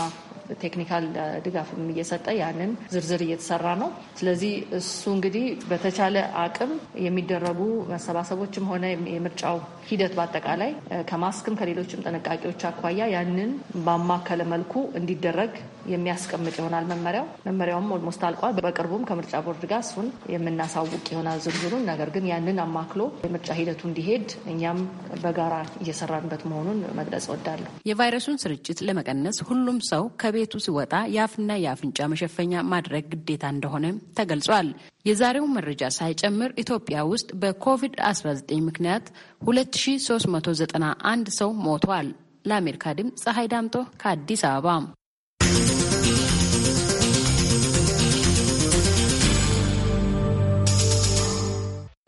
S14: ቴክኒካል ድጋፍም እየሰጠ ያንን ዝርዝር እየተሰራ ነው። ስለዚህ እሱ እንግዲህ በተቻለ አቅም የሚደረጉ መሰባሰቦችም ሆነ የምርጫው ሂደት በአጠቃላይ ከማስክም ከሌሎችም ጥንቃቄዎች አኳያ ያንን ባማከለ መልኩ እንዲደረግ የሚያስቀምጥ ይሆናል መመሪያው። መመሪያውም ኦልሞስት አልቋል። በቅርቡም ከምርጫ ቦርድ ጋር እሱን የምናሳውቅ ይሆናል ዝርዝሩን። ነገር ግን ያንን አማክሎ የምርጫ ሂደቱ እንዲሄድ እኛም በጋራ እየሰራንበት መሆኑን መግለጽ እወዳለሁ። የቫይረሱን
S10: ስርጭት ለመቀነስ ሁሉም ሰው ከ ከቤቱ ሲወጣ የአፍና የአፍንጫ መሸፈኛ ማድረግ ግዴታ እንደሆነ ተገልጿል። የዛሬው መረጃ ሳይጨምር ኢትዮጵያ ውስጥ በኮቪድ-19 ምክንያት 2391 ሰው ሞቷል። ለአሜሪካ ድምፅ ፀሐይ ዳምጦ ከአዲስ አበባ።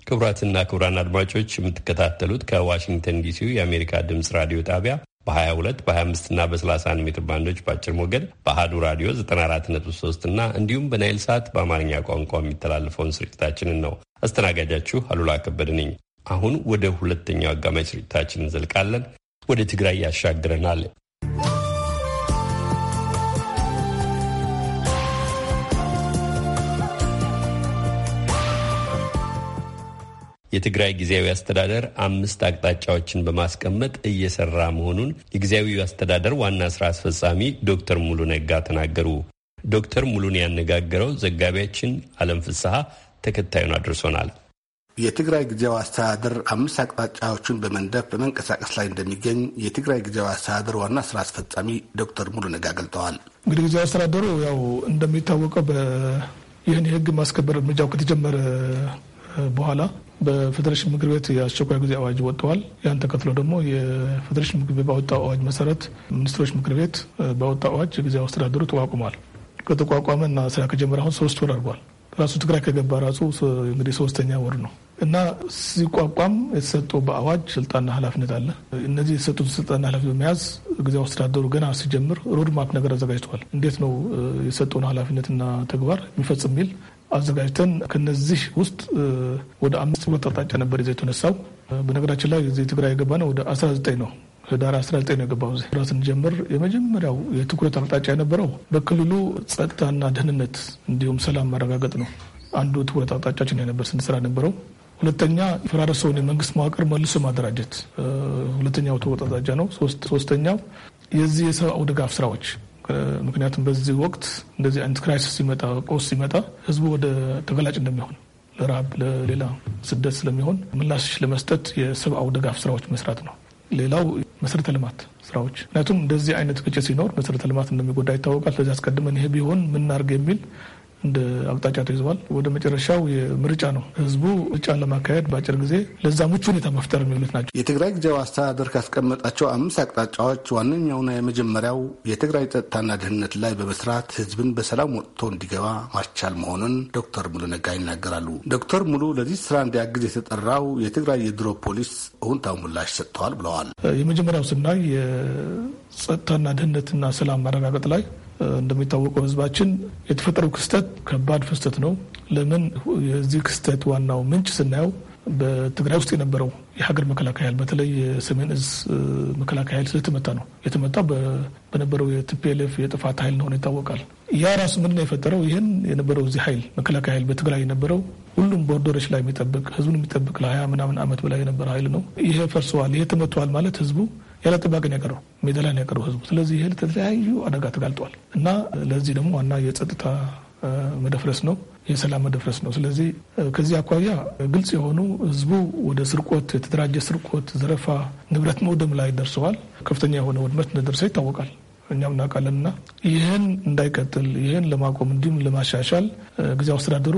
S2: ክቡራትና ክቡራን አድማጮች የምትከታተሉት ከዋሽንግተን ዲሲው የአሜሪካ ድምፅ ራዲዮ ጣቢያ በ22 በ25 እና በ31 ሜትር ባንዶች በአጭር ሞገድ በአህዱ ራዲዮ 943 እና እንዲሁም በናይል ሰዓት በአማርኛ ቋንቋ የሚተላለፈውን ስርጭታችንን ነው። አስተናጋጃችሁ አሉላ ከበደ ነኝ። አሁን ወደ ሁለተኛው አጋማሽ ስርጭታችን እንዘልቃለን። ወደ ትግራይ ያሻግረናል። የትግራይ ጊዜያዊ አስተዳደር አምስት አቅጣጫዎችን በማስቀመጥ እየሰራ መሆኑን የጊዜያዊ አስተዳደር ዋና ስራ አስፈጻሚ ዶክተር ሙሉ ነጋ ተናገሩ። ዶክተር ሙሉን ያነጋገረው ዘጋቢያችን አለም ፍስሐ ተከታዩን አድርሶናል።
S1: የትግራይ ጊዜያዊ አስተዳደር አምስት አቅጣጫዎችን በመንደፍ በመንቀሳቀስ ላይ እንደሚገኝ የትግራይ ጊዜያዊ አስተዳደር ዋና ስራ አስፈጻሚ ዶክተር ሙሉ ነጋ ገልጠዋል።
S8: እንግዲህ ጊዜያዊ አስተዳደሩ ያው እንደሚታወቀው ይህን የህግ ማስከበር እርምጃው ከተጀመረ በኋላ በፌዴሬሽን ምክር ቤት የአስቸኳይ ጊዜ አዋጅ ወጥተዋል። ያን ተከትሎ ደግሞ የፌዴሬሽን ምክር ቤት ባወጣው አዋጅ መሰረት ሚኒስትሮች ምክር ቤት ባወጣው አዋጅ የጊዜያዊ አስተዳደሩ ተቋቁሟል። ከተቋቋመ እና ስራ ከጀመረ አሁን ሶስት ወር አድርጓል። ራሱ ትግራይ ከገባ ራሱ እንግዲህ ሶስተኛ ወር ነው እና ሲቋቋም የተሰጠው በአዋጅ ስልጣንና ኃላፊነት አለ። እነዚህ የተሰጡት ስልጣንና ኃላፊነት በመያዝ ጊዜያዊ አስተዳደሩ ገና ሲጀምር ሮድማፕ ነገር አዘጋጅተዋል። እንዴት ነው የሰጠውን ኃላፊነትና ተግባር የሚፈጽም የሚል አዘጋጅተን ከነዚህ ውስጥ ወደ አምስት ሁለት አቅጣጫ ነበር ይዘ የተነሳው። በነገራችን ላይ እዚህ ትግራይ የገባ ነው ወደ 19 ነው ህዳር 19 ነው የገባው። እዚህ ስንጀምር የመጀመሪያው የትኩረት አቅጣጫ የነበረው በክልሉ ጸጥታና ደህንነት እንዲሁም ሰላም ማረጋገጥ ነው። አንዱ ትኩረት አቅጣጫችን የነበር ስንሰራ ነበረው። ሁለተኛ የፈራረሰውን የመንግስት መዋቅር መልሶ ማደራጀት ሁለተኛው ትኩረት አቅጣጫ ነው። ሶስተኛው የዚህ የሰብአዊ ድጋፍ ስራዎች ምክንያቱም በዚህ ወቅት እንደዚህ አይነት ክራይሲስ ሲመጣ፣ ቀውስ ሲመጣ ህዝቡ ወደ ተገላጭ እንደሚሆን ለረሃብ፣ ለሌላ ስደት ስለሚሆን ምላሽ ለመስጠት የሰብአዊ ድጋፍ ስራዎች መስራት ነው። ሌላው መሰረተ ልማት ስራዎች ምክንያቱም እንደዚህ አይነት ግጭት ሲኖር መሰረተ ልማት እንደሚጎዳ ይታወቃል። ስለዚህ አስቀድመን ይሄ ቢሆን ምናርግ የሚል እንደ አቅጣጫ ተይዘዋል። ወደ መጨረሻው ምርጫ ነው። ህዝቡ ምርጫን ለማካሄድ በአጭር ጊዜ ለዛ ምቹ ሁኔታ መፍጠር የሚሉት ናቸው።
S1: የትግራይ ጊዜያዊ አስተዳደር ካስቀመጣቸው አምስት አቅጣጫዎች ዋነኛውና የመጀመሪያው የትግራይ ጸጥታና ደህንነት ላይ በመስራት ህዝብን በሰላም ወጥቶ እንዲገባ ማስቻል መሆኑን ዶክተር ሙሉ ነጋ ይናገራሉ። ዶክተር ሙሉ ለዚህ ስራ እንዲያግዝ የተጠራው የትግራይ የድሮ ፖሊስ እውንታው ምላሽ ሰጥተዋል ብለዋል።
S8: የመጀመሪያው ስናይ የጸጥታና ደህንነትና ሰላም ማረጋገጥ ላይ እንደሚታወቀው ህዝባችን የተፈጠረው ክስተት ከባድ ፍስተት ነው። ለምን የዚህ ክስተት ዋናው ምንጭ ስናየው በትግራይ ውስጥ የነበረው የሀገር መከላከያ ኃይል በተለይ የሰሜን እዝ መከላከያ ኃይል ስለተመታ ነው። የተመታ በነበረው የቲፒኤልኤፍ የጥፋት ኃይል እንደሆነ ይታወቃል። ያ ራሱ ምንድን ነው የፈጠረው? ይህን የነበረው እዚህ ኃይል መከላከያ ኃይል በትግራይ የነበረው ሁሉም ቦርደሮች ላይ የሚጠብቅ ህዝቡን የሚጠብቅ ለሀያ ምናምን ዓመት በላይ የነበረ ኃይል ነው። ይሄ ፈርሰዋል፣ ይሄ ተመቷል ማለት ህዝቡ ያለ ጥባቂ ነው ያቀረው ሜዳ ላይ ነው የቀረው ህዝቡ። ስለዚህ ይህ ለተለያዩ አደጋ ተጋልጧል እና ለዚህ ደግሞ ዋና የጸጥታ መደፍረስ ነው፣ የሰላም መደፍረስ ነው። ስለዚህ ከዚህ አኳያ ግልጽ የሆኑ ህዝቡ ወደ ስርቆት፣ የተደራጀ ስርቆት፣ ዘረፋ፣ ንብረት መውደም ላይ ደርሰዋል። ከፍተኛ የሆነ ውድመት እንደደርሰ ይታወቃል። እኛም እናውቃለን ና ይህን እንዳይቀጥል ይህን ለማቆም እንዲሁም ለማሻሻል ጊዜያዊ አስተዳደሩ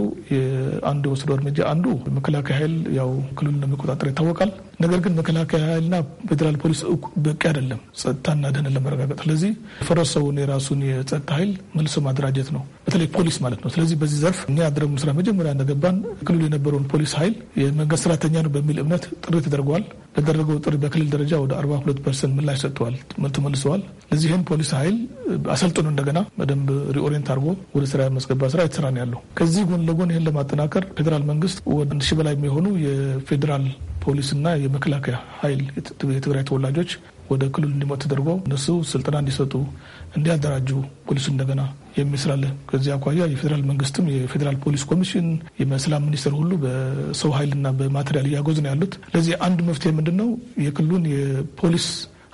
S8: አንዱ የወሰደው እርምጃ አንዱ መከላከያ ኃይል ያው ክልሉን ለመቆጣጠር ይታወቃል። ነገር ግን መከላከያ ኃይልና ፌዴራል ፖሊስ በቂ አይደለም ጸጥታና ደህንን ለመረጋገጥ። ስለዚህ የፈረሰውን የራሱን የጸጥታ ኃይል መልሶ ማደራጀት ነው። በተለይ ፖሊስ ማለት ነው። ስለዚህ በዚህ ዘርፍ እኛ ያደረግነው ስራ መጀመሪያ እንደገባን ክልሉ የነበረውን ፖሊስ ኃይል የመንግስት ሰራተኛ ነው በሚል እምነት ጥሪ ተደርጓል። ለደረገው ጥሪ በክልል ደረጃ ወደ 42 ፐርሰንት ምላሽ ሰጥተዋል፣ ተመልሰዋል። ለዚህም ፖሊስ ኃይል አሰልጥኖ እንደገና በደንብ ሪኦሪንት አድርጎ ወደ ስራ የማስገባ ስራ የተሰራ ነው ያለው። ከዚህ ጎን ለጎን ይህን ለማጠናከር ፌዴራል መንግስት ወደ አንድ ሺህ በላይ የሚሆኑ የፌዴራል ፖሊስና የመከላከያ ኃይል የትግራይ ተወላጆች ወደ ክልሉ እንዲመጡ ተደርጎ እነሱ ስልጠና እንዲሰጡ እንዲያደራጁ ፖሊሱ እንደገና የሚል ስላለ ከዚህ አኳያ የፌዴራል መንግስትም የፌዴራል ፖሊስ ኮሚሽን፣ የመስላም ሚኒስትር ሁሉ በሰው ኃይልና በማቴሪያል እያጎዝ ነው ያሉት። ለዚህ አንድ መፍትሄ ምንድን ነው? የክልሉን የፖሊስ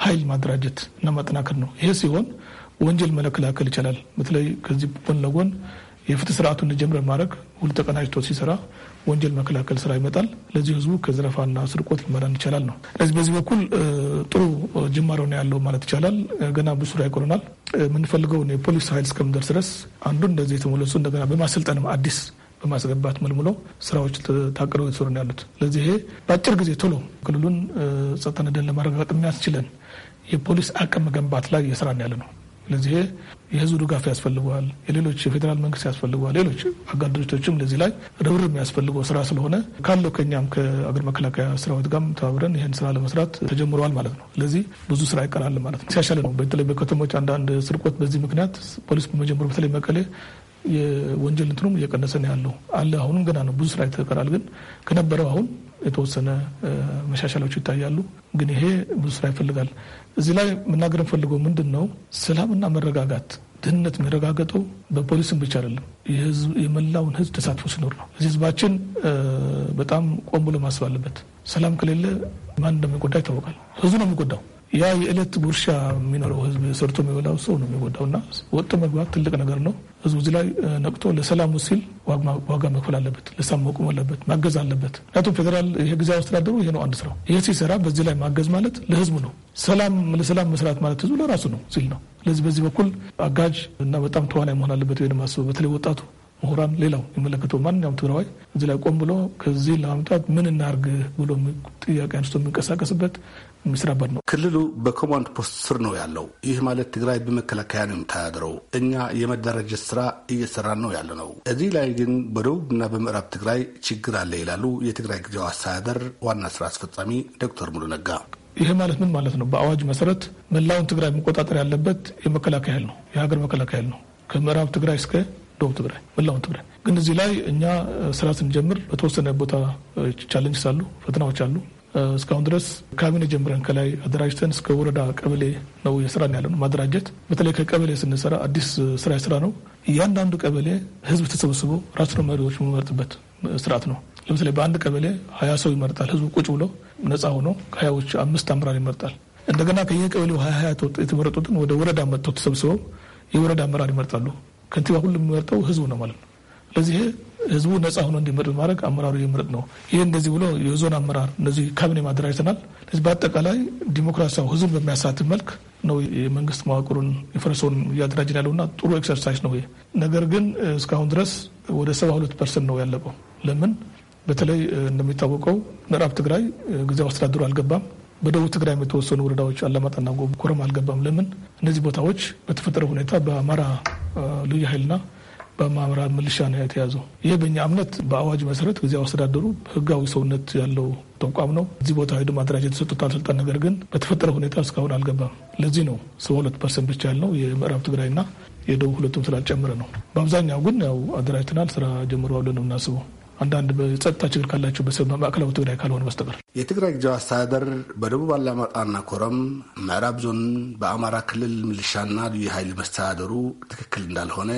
S8: ኃይል ማደራጀት እና ማጠናከር ነው። ይሄ ሲሆን ወንጀል መከላከል ይቻላል። በተለይ ከዚህ ጎን ለጎን የፍትህ ስርዓቱን እንዲጀምር ማድረግ ሁሉ ተቀናጅቶ ሲሰራ ወንጀል መከላከል ስራ ይመጣል። ለዚህ ህዝቡ ከዘረፋና ስርቆት ሊመራን ይቻላል ነው። ስለዚህ በዚህ በኩል ጥሩ ጅማሮ ነው ያለው ማለት ይቻላል። ገና ብዙ ስራ ይቆረናል። የምንፈልገውን የፖሊስ ኃይል እስከምንደርስ ድረስ አንዱ እንደዚህ የተሞለሱ እንደገና በማሰልጠንም አዲስ በማስገባት መልምሎ ስራዎች ታቅደው የተሰሩ ነው ያሉት። ስለዚህ ይሄ በአጭር ጊዜ ቶሎ ክልሉን ጸጥታና ደህንነትን ለማረጋገጥ የሚያስችለን የፖሊስ አቅም መገንባት ላይ የስራ ያለ ነው። ለዚህ የህዝቡ ድጋፍ ያስፈልገዋል፣ የሌሎች የፌዴራል መንግስት ያስፈልገዋል፣ ሌሎች አጋር ድርጅቶችም ለዚህ ላይ ርብርብ የሚያስፈልገው ስራ ስለሆነ ካለው ከኛም ከአገር መከላከያ ሰራዊት ጋር ተባብረን ይህን ስራ ለመስራት ተጀምረዋል ማለት ነው። ለዚህ ብዙ ስራ ይቀራል ማለት ነው። ሲያሻለ ነው። በተለይ በከተሞች አንዳንድ ስርቆት በዚህ ምክንያት ፖሊስ በመጀመሩ በተለይ መቀሌ የወንጀል እንትኑም እየቀነሰ ነው ያለው አለ። አሁንም ገና ነው፣ ብዙ ስራ ይቀራል። ግን ከነበረው አሁን የተወሰነ መሻሻሎች ይታያሉ። ግን ይሄ ብዙ ስራ ይፈልጋል። እዚህ ላይ መናገር የምፈልገው ምንድን ነው፣ ሰላምና መረጋጋት ድህነት የሚረጋገጠው በፖሊስም ብቻ አይደለም፣ የመላውን ህዝብ ተሳትፎ ሲኖር ነው። እዚህ ህዝባችን በጣም ቆም ብሎ ማሰብ አለበት። ሰላም ከሌለ ማን እንደሚጎዳ ይታወቃል። ህዝቡ ነው የሚጎዳው። ያ የዕለት ጉርሻ የሚኖረው ህዝብ ሰርቶ የሚበላው ሰው ነው የሚጎዳው እና ወጥቶ መግባት ትልቅ ነገር ነው። ህዝቡ እዚህ ላይ ነቅቶ ለሰላሙ ሲል ዋጋ መክፈል አለበት። ለሰላም መቆም አለበት። ማገዝ አለበት። ምክንያቱም ፌዴራል ጊዜ አስተዳደሩ ይሄ ነው አንድ ስራው። ይህ ሲሰራ በዚህ ላይ ማገዝ ማለት ለህዝቡ ነው። ሰላም ለሰላም መስራት ማለት ህዝቡ ለራሱ ነው ሲል ነው። ስለዚህ በዚህ በኩል አጋጅ እና በጣም ተዋናይ መሆን አለበት ወይ ማስበው በተለይ ወጣቱ ምሁራን፣ ሌላው የሚመለከተው ማንኛውም ትግራዋይ እዚህ ላይ ቆም ብሎ ከዚህ ለማምጣት ምን እናርግ ብሎ ጥያቄ አንስቶ የሚንቀሳቀስበት የሚሰራበት ነው። ክልሉ በኮማንድ ፖስት ስር ነው ያለው። ይህ ማለት
S1: ትግራይ በመከላከያ ነው የምታያድረው። እኛ የመደራጀት ስራ እየሰራን ነው ያለ ነው። እዚህ ላይ ግን በደቡብና በምዕራብ ትግራይ ችግር አለ ይላሉ የትግራይ ጊዜው አስተዳደር ዋና ስራ አስፈጻሚ ዶክተር ሙሉ ነጋ።
S8: ይሄ ማለት ምን ማለት ነው? በአዋጅ መሰረት መላውን ትግራይ መቆጣጠር ያለበት የመከላከያ ኃይል ነው፣ የሀገር መከላከያ ኃይል ነው። ከምዕራብ ትግራይ እስከ ደቡብ ትግራይ መላውን ትግራይ ግን እዚህ ላይ እኛ ስራ ስንጀምር በተወሰነ ቦታ ቻለንጅ ሳሉ ፈተናዎች አሉ። እስካሁን ድረስ ካቢኔ ጀምረን ከላይ አደራጅተን እስከ ወረዳ ቀበሌ ነው የስራን ያለ ማደራጀት። በተለይ ከቀበሌ ስንሰራ አዲስ ስራ የስራ ነው። እያንዳንዱ ቀበሌ ህዝብ ተሰብስቦ ነው መሪዎች የሚመርጥበት ስርዓት ነው። ለምሳሌ በአንድ ቀበሌ ሀያ ሰው ይመርጣል። ህዝቡ ቁጭ ብሎ ነፃ ሆኖ ከሀያዎች አምስት አምራር ይመርጣል። እንደገና ከየቀበሌው ሀያ ሀያ የተመረጡትን ወደ ወረዳ መጥተው ተሰብስበው የወረዳ አመራር ይመርጣሉ። ከንቲባ ሁሉ የሚመርጠው ህዝቡ ነው ማለት ነው። ለዚህ ህዝቡ ነጻ ሆኖ እንዲመርጥ በማድረግ አመራሩ የምርጥ ነው። ይህ እንደዚህ ብሎ የዞን አመራር እነዚህ ካቢኔ ማደራጅተናል። ለዚህ በአጠቃላይ ዲሞክራሲያዊ ህዝቡን በሚያሳትፍ መልክ ነው የመንግስት መዋቅሩን የፈረሰውን እያደራጅን ያለውና ጥሩ ኤክሰርሳይዝ ነው። ነገር ግን እስካሁን ድረስ ወደ ሰባ ሁለት ፐርሰንት ነው ያለቀው። ለምን በተለይ እንደሚታወቀው ምዕራብ ትግራይ ጊዜያዊ አስተዳደሩ አልገባም። በደቡብ ትግራይ የተወሰኑ ወረዳዎች አላማጣና ኮረም አልገባም። ለምን እነዚህ ቦታዎች በተፈጠረ ሁኔታ በአማራ ልዩ ኃይልና በማምራር ምልሻ ነው የተያዘው። ይህ በእኛ እምነት በአዋጅ መሰረት ጊዜ አስተዳደሩ ህጋዊ ሰውነት ያለው ተቋም ነው። እዚህ ቦታ ሄዶ ማደራጀት የተሰጡታል ስልጣን። ነገር ግን በተፈጠረ ሁኔታ እስካሁን አልገባም። ለዚህ ነው ሰባ ሁለት ፐርሰንት ብቻ ያለው የምዕራብ ትግራይና የደቡብ ሁለቱም ስላልጨምረ ነው። በአብዛኛው ግን ያው አደራጅተናል፣ ስራ ጀምረዋል ነው የምናስበው። አንዳንድ በጸጥታ ችግር ካላቸው ማዕከላዊ ትግራይ ካልሆነ በስተቀር
S1: የትግራይ ጊዜያዊ አስተዳደር በደቡብ አላማጣና ኮረም ምዕራብ ዞን በአማራ ክልል ሚሊሻና ልዩ ኃይል መስተዳደሩ ትክክል እንዳልሆነ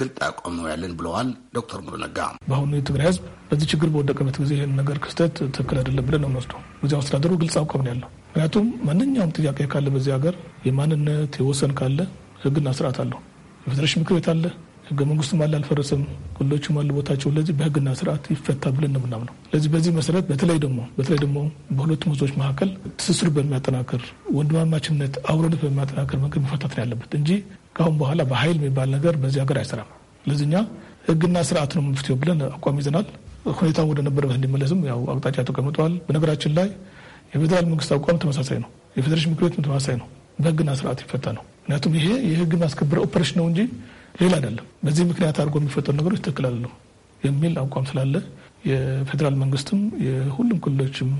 S1: ግልጥ አቋም ነው ያለን ብለዋል ዶክተር ሙሉ
S8: ነጋ። በአሁኑ የትግራይ ህዝብ በዚህ ችግር በወደቀበት ጊዜ ይህን ነገር ክስተት ትክክል አይደለም ብለን ነው የምንወስደው። ጊዜያዊ አስተዳደሩ ግልጽ አቋም ነው ያለው። ምክንያቱም ማንኛውም ጥያቄ ካለ በዚህ ሀገር የማንነት የወሰን ካለ ህግና ስርዓት አለው። የፌዴሬሽን ምክር ቤት አለ ህገ መንግስቱም አለ አልፈረሰም፣ ክልሎችም አሉ ቦታቸው። ለዚህ በህግና ስርዓት ይፈታ ብለን ነው ምናምነው። ለዚህ በዚህ መሰረት በተለይ ደግሞ በተለይ ደግሞ በሁለቱም ህዝቦች መካከል ትስስሩ በሚያጠናክር ወንድማማችነት፣ አብሮነት በሚያጠናክር መንገድ መፈታት ነው ያለበት እንጂ ከአሁን በኋላ በሀይል የሚባል ነገር በዚህ ሀገር አይሰራም። ለዚህኛ ህግና ስርዓት ነው መፍትሄው ብለን አቋም ይዘናል። ሁኔታው ወደ ነበረበት እንዲመለስም ያው አቅጣጫ ተቀምጠዋል። በነገራችን ላይ የፌዴራል መንግስት አቋም ተመሳሳይ ነው። የፌዴሬሽን ምክር ቤትም ተመሳሳይ ነው። በህግና ስርዓት ይፈታ ነው። ምክንያቱም ይሄ የህግ ማስከበር ኦፐሬሽን ነው እንጂ ሌላ አይደለም። በዚህ ምክንያት አድርጎ የሚፈጠሩ ነገሮች ትክክል አይደለም የሚል አቋም ስላለ የፌዴራል መንግስትም የሁሉም ክልሎችም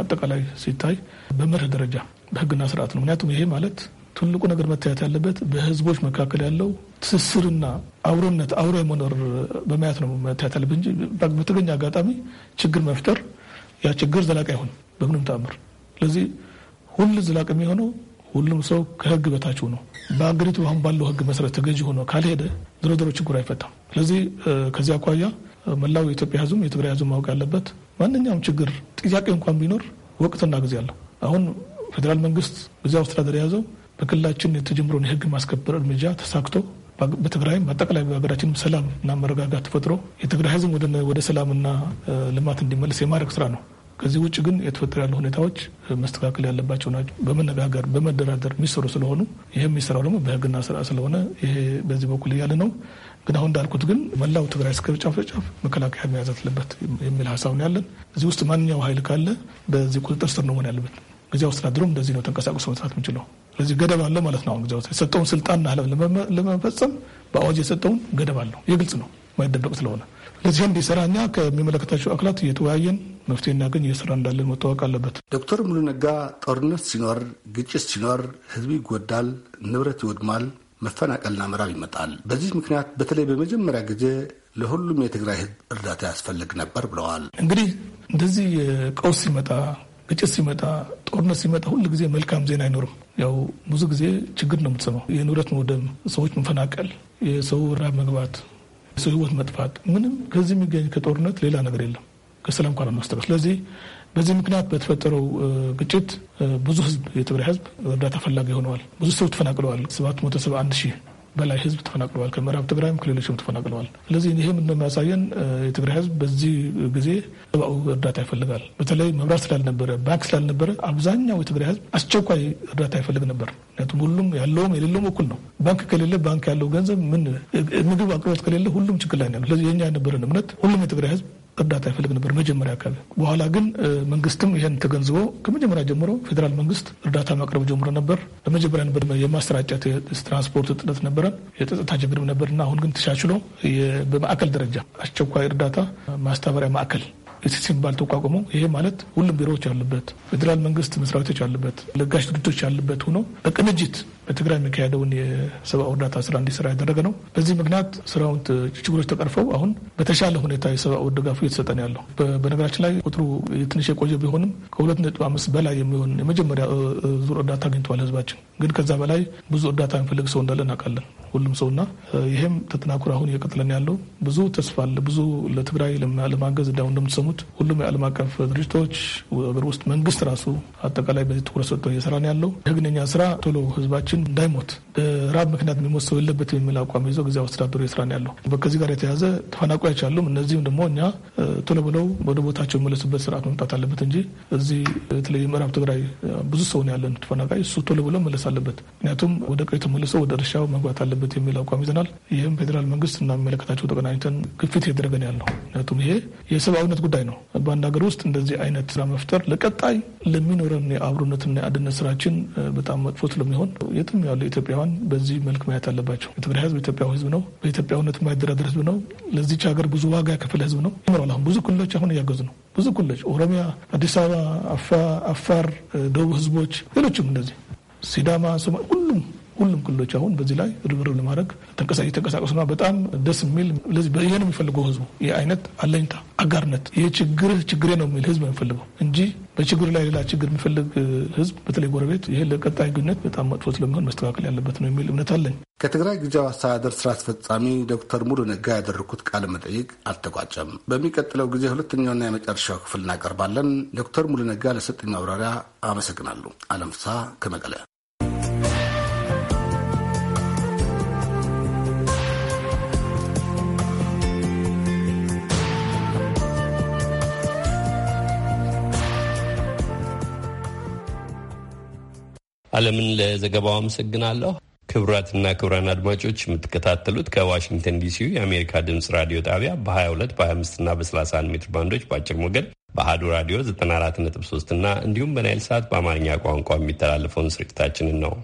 S8: አጠቃላይ ሲታይ በመርህ ደረጃ በህግና ስርዓት ነው። ምክንያቱም ይሄ ማለት ትልቁ ነገር መታየት ያለበት በህዝቦች መካከል ያለው ትስስርና አብሮነት አብሮ የመኖር በማየት ነው መታየት ያለበት እንጂ በተገኘ አጋጣሚ ችግር መፍጠር ያ ችግር ዘላቂ አይሆንም በምንም ተአምር። ስለዚህ ሁል ዘላቂ የሚሆነው ሁሉም ሰው ከህግ በታች ነው። በሀገሪቱ አሁን ባለው ህግ መሰረት ተገዥ ሆኖ ካልሄደ ድሮድሮ ችግር አይፈታም። ስለዚህ ከዚህ አኳያ መላው የኢትዮጵያ ህዝብ የትግራይ ህዝብ ማወቅ ያለበት ማንኛውም ችግር ጥያቄ እንኳን ቢኖር ወቅትና ጊዜ አለው። አሁን ፌዴራል መንግስት ጊዜያዊ አስተዳደር የያዘው በክልላችን የተጀምረውን የህግ ማስከበር እርምጃ ተሳክቶ በትግራይም አጠቃላይ በሀገራችንም እና መረጋጋት ተፈጥሮ የትግራይ ህዝብ ወደ ሰላምና ልማት እንዲመለስ የማድረግ ስራ ነው ከዚህ ውጭ ግን የተፈጠሩ ያሉ ሁኔታዎች መስተካከል ያለባቸው ናቸው። በመነጋገር በመደራደር የሚሰሩ ስለሆኑ ይህ የሚሰራው ደግሞ በህግና ስራ ስለሆነ ይሄ በዚህ በኩል እያለ ነው። ግን አሁን እንዳልኩት ግን መላው ትግራይ እስከ ጫፍ ጫፍ መከላከያ መያዝ አለበት የሚል ሀሳብ ነው ያለን። እዚህ ውስጥ ማንኛው ኃይል ካለ በዚህ ቁጥጥር ስር ነው መሆን ያለበት። ጊዜያዊ አስተዳደሩ እንደዚህ ነው ተንቀሳቅሶ መስራት የምችለው። ስለዚህ ገደብ አለው ማለት ነው። አሁን የሰጠውን ስልጣንና ለመፈጸም በአዋጅ የሰጠውን ገደብ አለው። ይህ ግልጽ ነው፣ ማይደበቅ ስለሆነ ለዚህ እንዲሰራ እኛ ከሚመለከታቸው አካላት እየተወያየን መፍትሄ እናገኝ እየሰራ እንዳለን መታወቅ አለበት።
S1: ዶክተር ሙሉ ነጋ ጦርነት ሲኖር፣ ግጭት ሲኖር ህዝብ ይጎዳል፣ ንብረት ይወድማል፣ መፈናቀልና ምራብ ይመጣል። በዚህ ምክንያት በተለይ በመጀመሪያ ጊዜ ለሁሉም የትግራይ ህዝብ እርዳታ ያስፈልግ ነበር ብለዋል።
S8: እንግዲህ እንደዚህ ቀውስ ሲመጣ፣ ግጭት ሲመጣ፣ ጦርነት ሲመጣ ሁል ጊዜ መልካም ዜና አይኖርም። ያው ብዙ ጊዜ ችግር ነው የምትሰማው፣ የንብረት መውደም፣ ሰዎች መፈናቀል፣ የሰው ራብ መግባት የሰው ህይወት መጥፋት ምንም ከዚህ የሚገኝ ከጦርነት ሌላ ነገር የለም ከሰላም እንኳን ማስተረ ስለዚህ በዚህ ምክንያት በተፈጠረው ግጭት ብዙ ህዝብ የትግራይ ህዝብ እርዳታ ፈላጊ ሆነዋል። ብዙ ሰው ተፈናቅለዋል። ሰባት መቶ ሰባ አንድ ሺህ በላይ ህዝብ ተፈናቅለዋል። ከምዕራብ ትግራይም ከሌሎችም ተፈናቅለዋል። ስለዚህ ይህም እንደሚያሳየን የትግራይ ህዝብ በዚህ ጊዜ ሰብአዊ እርዳታ ይፈልጋል። በተለይ መብራት ስላልነበረ፣ ባንክ ስላልነበረ አብዛኛው የትግራይ ህዝብ አስቸኳይ እርዳታ ይፈልግ ነበር። ምክንያቱም ሁሉም ያለውም የሌለውም እኩል ነው። ባንክ ከሌለ ባንክ ያለው ገንዘብ ምን ምግብ አቅርቦት ከሌለ ሁሉም ችግር ላይ ነው። ስለዚህ የኛ የነበረን እምነት ሁሉም የትግራይ ህዝብ እርዳታ ይፈልግ ነበር መጀመሪያ አካባቢ። በኋላ ግን መንግስትም ይህን ተገንዝቦ ከመጀመሪያ ጀምሮ ፌዴራል መንግስት እርዳታ ማቅረብ ጀምሮ ነበር። በመጀመሪያ ነበር የማሰራጨት ትራንስፖርት እጥረት ነበረን፣ የጸጥታ ችግርም እና አሁን ግን ተሻችሎ በማዕከል ደረጃ አስቸኳይ እርዳታ ማስተባበሪያ ማዕከል ሲባል ተቋቁሞ ይሄ ማለት ሁሉም ቢሮዎች ያሉበት፣ ፌዴራል መንግስት መስሪያ ቤቶች ያሉበት፣ ለጋሽ ድርጅቶች ያሉበት ሆኖ በቅንጅት በትግራይ የሚካሄደውን የሰብአዊ እርዳታ ስራ እንዲሰራ ያደረገ ነው። በዚህ ምክንያት ስራውን ችግሮች ተቀርፈው አሁን በተሻለ ሁኔታ የሰብአዊ ድጋፉ እየተሰጠን ያለው በነገራችን ላይ ቁጥሩ ትንሽ የቆየ ቢሆንም ከሁለት ነጥብ አምስት በላይ የሚሆን የመጀመሪያ ዙር እርዳታ አግኝተዋል ህዝባችን። ግን ከዛ በላይ ብዙ እርዳታ የሚፈልግ ሰው እንዳለ እናውቃለን ሁሉም ሰውና ይህም ተጠናክሮ አሁን እየቀጥለን ያለው ብዙ ተስፋ አለ። ብዙ ለትግራይ ለማገዝ እንዳሁን እንደምትሰሙት ሁሉም የዓለም አቀፍ ድርጅቶች አገር ውስጥ መንግስት ራሱ አጠቃላይ በዚህ ትኩረት ሰጥቶ እየሰራ ነው ያለው። ህግነኛ ስራ ቶሎ ህዝባችን ሰዎችን እንዳይሞት በራብ ምክንያት የሚሞት ሰው የለበትም የሚል አቋም ይዞ ጊዜ አስተዳደሩ የስራ ያለው። ከዚህ ጋር የተያዘ ተፈናቃዮች አሉም። እነዚህም ደግሞ እኛ ቶሎ ብለው ወደ ቦታቸው የሚመለሱበት ስርዓት መምጣት አለበት እንጂ እዚህ በተለይ ምዕራብ ትግራይ ብዙ ሰው ያለን ተፈናቃይ። እሱ ቶሎ ብለው መለስ አለበት፣ ምክንያቱም ወደ ቀይ ተመልሶ ወደ እርሻው መግባት አለበት የሚል አቋም ይዘናል። ይህም ፌዴራል መንግስት እና የሚመለከታቸው ተገናኝተን ግፊት እያደረገን ያለው ምክንያቱም ይሄ የሰብአዊነት ጉዳይ ነው። በአንድ ሀገር ውስጥ እንደዚህ አይነት ስራ መፍጠር ለቀጣይ ለሚኖረን የአብሮነትና የአንድነት ስራችን በጣም መጥፎ ስለሚሆን ቤትም ያሉ ኢትዮጵያውያን በዚህ መልክ ማየት አለባቸው። የትግራይ ህዝብ ኢትዮጵያ ህዝብ ነው። በኢትዮጵያዊነት የማይደራደር ህዝብ ነው። ለዚች ሀገር ብዙ ዋጋ የከፈለ ህዝብ ነው። አሁን ብዙ ክልሎች አሁን እያገዙ ነው። ብዙ ክልሎች ኦሮሚያ፣ አዲስ አበባ፣ አፋር፣ ደቡብ ህዝቦች፣ ሌሎችም እንደዚህ ሲዳማ፣ ሁሉም ሁሉም ክልሎች አሁን በዚህ ላይ ርብርብ ለማድረግ ተንቀሳቀሱና በጣም ደስ የሚል ለዚህ ይሄ ነው የሚፈልገው ህዝቡ። ይህ አይነት አለኝታ፣ አጋርነት ይህ ችግር ችግሬ ነው የሚል ህዝብ የሚፈልገው እንጂ በችግር ላይ ሌላ ችግር የሚፈልግ ህዝብ በተለይ ጎረቤት፣ ይህ ለቀጣይ ግንኙነት በጣም መጥፎ ስለሚሆን መስተካከል ያለበት ነው የሚል እምነት አለኝ።
S1: ከትግራይ ጊዜያዊ አስተዳደር ስራ አስፈጻሚ ዶክተር ሙሉ ነጋ ያደረኩት ቃለ መጠይቅ አልተቋጨም። በሚቀጥለው ጊዜ ሁለተኛውና የመጨረሻው ክፍል እናቀርባለን። ዶክተር ሙሉ ነጋ ለሰጠኝ ማብራሪያ አመሰግናለሁ። አለም ከመቀለ
S2: አለምን ለዘገባው አመሰግናለሁ። ክቡራትና ክቡራን አድማጮች የምትከታተሉት ከዋሽንግተን ዲሲ የአሜሪካ ድምፅ ራዲዮ ጣቢያ በ22 በ25ና በ31 ሜትር ባንዶች በአጭር ሞገድ በአሀዱ ራዲዮ 94.3 እና እንዲሁም በናይል ሰዓት በአማርኛ ቋንቋ የሚተላለፈውን ስርጭታችንን ነው።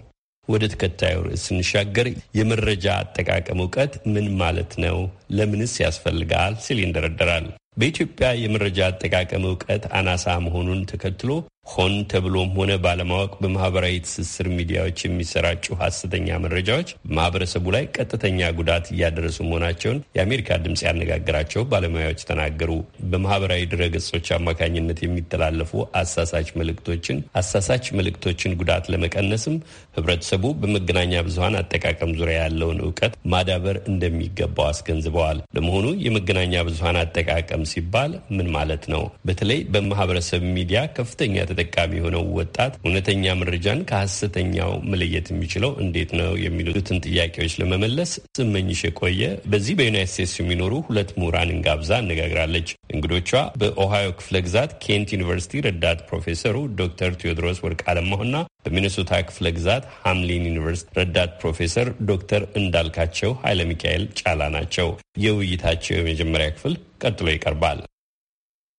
S2: ወደ ተከታዩ ርዕስ ስንሻገር የመረጃ አጠቃቀም እውቀት ምን ማለት ነው? ለምንስ ያስፈልጋል? ሲል ይንደረደራል። በኢትዮጵያ የመረጃ አጠቃቀም እውቀት አናሳ መሆኑን ተከትሎ ሆን ተብሎም ሆነ ባለማወቅ በማህበራዊ ትስስር ሚዲያዎች የሚሰራጩ ሀሰተኛ መረጃዎች በማህበረሰቡ ላይ ቀጥተኛ ጉዳት እያደረሱ መሆናቸውን የአሜሪካ ድምፅ ያነጋገራቸው ባለሙያዎች ተናገሩ። በማህበራዊ ድረገጾች አማካኝነት የሚተላለፉ አሳሳች መልእክቶችን አሳሳች መልእክቶችን ጉዳት ለመቀነስም ህብረተሰቡ በመገናኛ ብዙሀን አጠቃቀም ዙሪያ ያለውን እውቀት ማዳበር እንደሚገባው አስገንዝበዋል። ለመሆኑ የመገናኛ ብዙሀን አጠቃቀም ሲባል ምን ማለት ነው? በተለይ በማህበረሰብ ሚዲያ ከፍተኛ ተጠቃሚ የሆነው ወጣት እውነተኛ መረጃን ከሐሰተኛው መለየት የሚችለው እንዴት ነው የሚሉትን ጥያቄዎች ለመመለስ ስመኝሽ የቆየ በዚህ በዩናይት ስቴትስ የሚኖሩ ሁለት ምሁራን ጋብዛ አነጋግራለች። እንግዶቿ በኦሃዮ ክፍለ ግዛት ኬንት ዩኒቨርሲቲ ረዳት ፕሮፌሰሩ ዶክተር ቴዎድሮስ ወርቅ አለማሁና በሚኔሶታ ክፍለ ግዛት ሃምሊን ዩኒቨርስቲ ረዳት ፕሮፌሰር ዶክተር እንዳልካቸው ኃይለ ሚካኤል ጫላ ናቸው። የውይይታቸው የመጀመሪያ ክፍል ቀጥሎ ይቀርባል።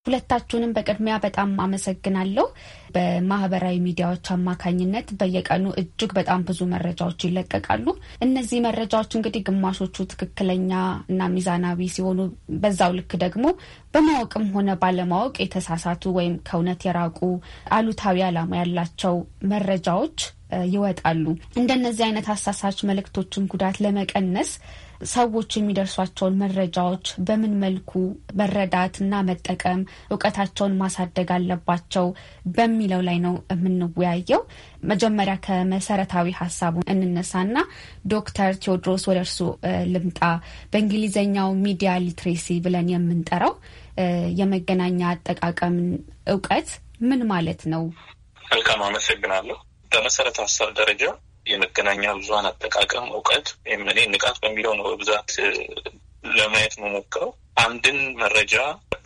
S13: ሁለታችሁንም በቅድሚያ በጣም አመሰግናለሁ። በማህበራዊ ሚዲያዎች አማካኝነት በየቀኑ እጅግ በጣም ብዙ መረጃዎች ይለቀቃሉ። እነዚህ መረጃዎች እንግዲህ ግማሾቹ ትክክለኛ እና ሚዛናዊ ሲሆኑ፣ በዛው ልክ ደግሞ በማወቅም ሆነ ባለማወቅ የተሳሳቱ ወይም ከእውነት የራቁ አሉታዊ ዓላማ ያላቸው መረጃዎች ይወጣሉ። እንደነዚህ አይነት አሳሳች መልእክቶችን ጉዳት ለመቀነስ ሰዎች የሚደርሷቸውን መረጃዎች በምን መልኩ መረዳት እና መጠቀም እውቀታቸውን ማሳደግ አለባቸው በሚለው ላይ ነው የምንወያየው። መጀመሪያ ከመሰረታዊ ሀሳቡ እንነሳና ዶክተር ቴዎድሮስ ወደ እርሱ ልምጣ። በእንግሊዝኛው ሚዲያ ሊትሬሲ ብለን የምንጠራው የመገናኛ አጠቃቀምን እውቀት ምን ማለት ነው?
S15: መልካም አመሰግናለሁ። በመሰረተ ሀሳብ ደረጃ የመገናኛ ብዙሀን አጠቃቀም እውቀት ወይም እኔ ንቃት በሚለው ነው በብዛት ለማየት መሞክረው። አንድን መረጃ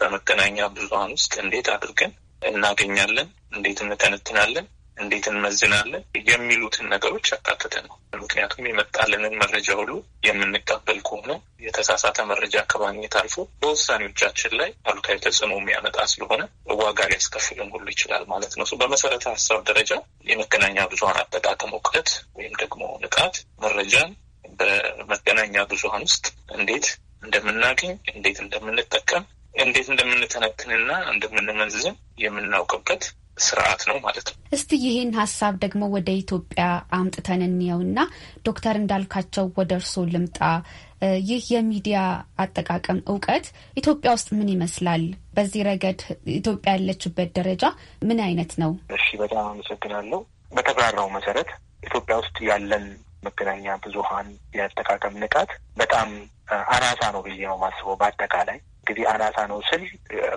S15: በመገናኛ ብዙሀን ውስጥ እንዴት አድርገን እናገኛለን፣ እንዴት እንተነትናለን፣ እንዴት እንመዝናለን የሚሉትን ነገሮች ያካተተ ነው። ምክንያቱም የመጣልንን መረጃ ሁሉ የምንቀበል ከሆነ የተሳሳተ መረጃ ከማግኘት አልፎ በውሳኔዎቻችን ላይ አሉታዊ ተጽዕኖ የሚያመጣ ስለሆነ ዋጋ ሊያስከፍልን ሁሉ ይችላል ማለት ነው። በመሰረተ ሀሳብ ደረጃ የመገናኛ ብዙሀን አጠቃቀም እውቀት ወይም ደግሞ ንቃት መረጃን በመገናኛ ብዙሀን ውስጥ እንዴት እንደምናገኝ፣ እንዴት እንደምንጠቀም፣ እንዴት እንደምንተነትንና እንደምንመዝን የምናውቅበት ስርዓት ነው ማለት ነው።
S13: እስቲ ይህን ሀሳብ ደግሞ ወደ ኢትዮጵያ አምጥተን እንየውና ዶክተር እንዳልካቸው ወደ እርስዎ ልምጣ። ይህ የሚዲያ አጠቃቀም እውቀት ኢትዮጵያ ውስጥ ምን ይመስላል? በዚህ ረገድ ኢትዮጵያ ያለችበት ደረጃ ምን አይነት ነው?
S6: እሺ፣ በጣም አመሰግናለሁ። በተብራራው መሰረት ኢትዮጵያ ውስጥ ያለን መገናኛ ብዙሀን የአጠቃቀም ንቃት በጣም አናሳ ነው ብዬ ነው ማስበው በአጠቃላይ እንግዲህ አናሳ ነው ስል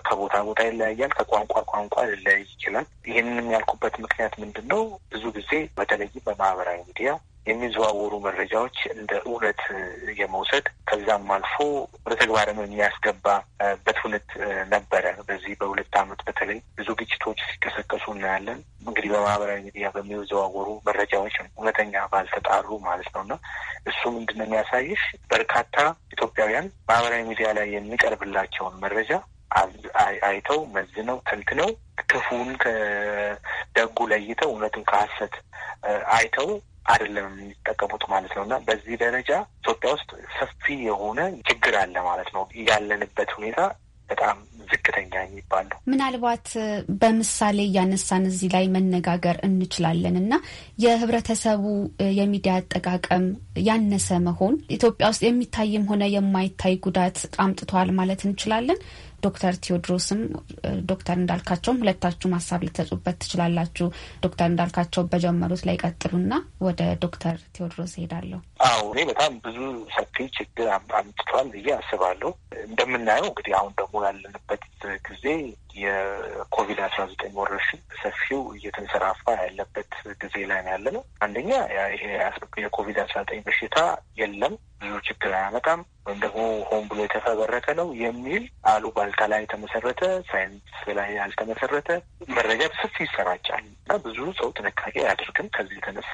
S6: ከቦታ ቦታ ይለያያል፣ ከቋንቋ ቋንቋ ሊለያይ ይችላል። ይህንን ያልኩበት ምክንያት ምንድን ነው? ብዙ ጊዜ በተለይም በማህበራዊ ሚዲያ የሚዘዋወሩ መረጃዎች እንደ እውነት የመውሰድ ከዛም አልፎ ወደ ተግባርም የሚያስገባበት ሁነት ነበረ። በዚህ በሁለት አመት በተለይ ብዙ ግጭቶች ሲቀሰቀሱ እናያለን። እንግዲህ በማህበራዊ ሚዲያ በሚዘዋወሩ መረጃዎች እውነተኛ ባልተጣሩ ማለት ነው እና እሱ ምንድን ነው የሚያሳይሽ በርካታ ኢትዮጵያውያን ማህበራዊ ሚዲያ ላይ የሚቀርብላቸውን መረጃ አይተው መዝነው ተንትነው ክፉን ከደጉ ለይተው እውነትን ከሀሰት አይተው አይደለም የሚጠቀሙት ማለት ነው። እና በዚህ ደረጃ ኢትዮጵያ ውስጥ ሰፊ የሆነ ችግር አለ ማለት ነው። ያለንበት ሁኔታ በጣም ዝቅተኛ የሚባለው።
S13: ምናልባት በምሳሌ እያነሳን እዚህ ላይ መነጋገር እንችላለን እና የህብረተሰቡ የሚዲያ አጠቃቀም ያነሰ መሆን ኢትዮጵያ ውስጥ የሚታይም ሆነ የማይታይ ጉዳት አምጥቷል ማለት እንችላለን። ዶክተር ቴዎድሮስም ዶክተር እንዳልካቸውም ሁለታችሁም ሀሳብ ልትሰጡበት ትችላላችሁ። ዶክተር እንዳልካቸው በጀመሩት ላይ ቀጥሉና ወደ ዶክተር ቴዎድሮስ እሄዳለሁ።
S6: አዎ እኔ በጣም ብዙ ሰፊ ችግር አምጥቷል ብዬ አስባለሁ። እንደምናየው እንግዲህ አሁን ደግሞ ያለንበት ጊዜ የኮቪድ አስራ ዘጠኝ ወረርሽኝ ሰፊው እየተንሰራፋ ያለበት ጊዜ ላይ ነው ያለ ነው። አንደኛ ይሄ የኮቪድ አስራ ዘጠኝ በሽታ የለም ብዙ ችግር አያመጣም ወይም ደግሞ ሆን ብሎ የተፈበረከ ነው የሚል አሉባልታ ላይ የተመሰረተ ሳይንስ ላይ ያልተመሰረተ መረጃ በሰፊ ይሰራጫል እና ብዙ ሰው ጥንቃቄ አያደርግም። ከዚህ የተነሳ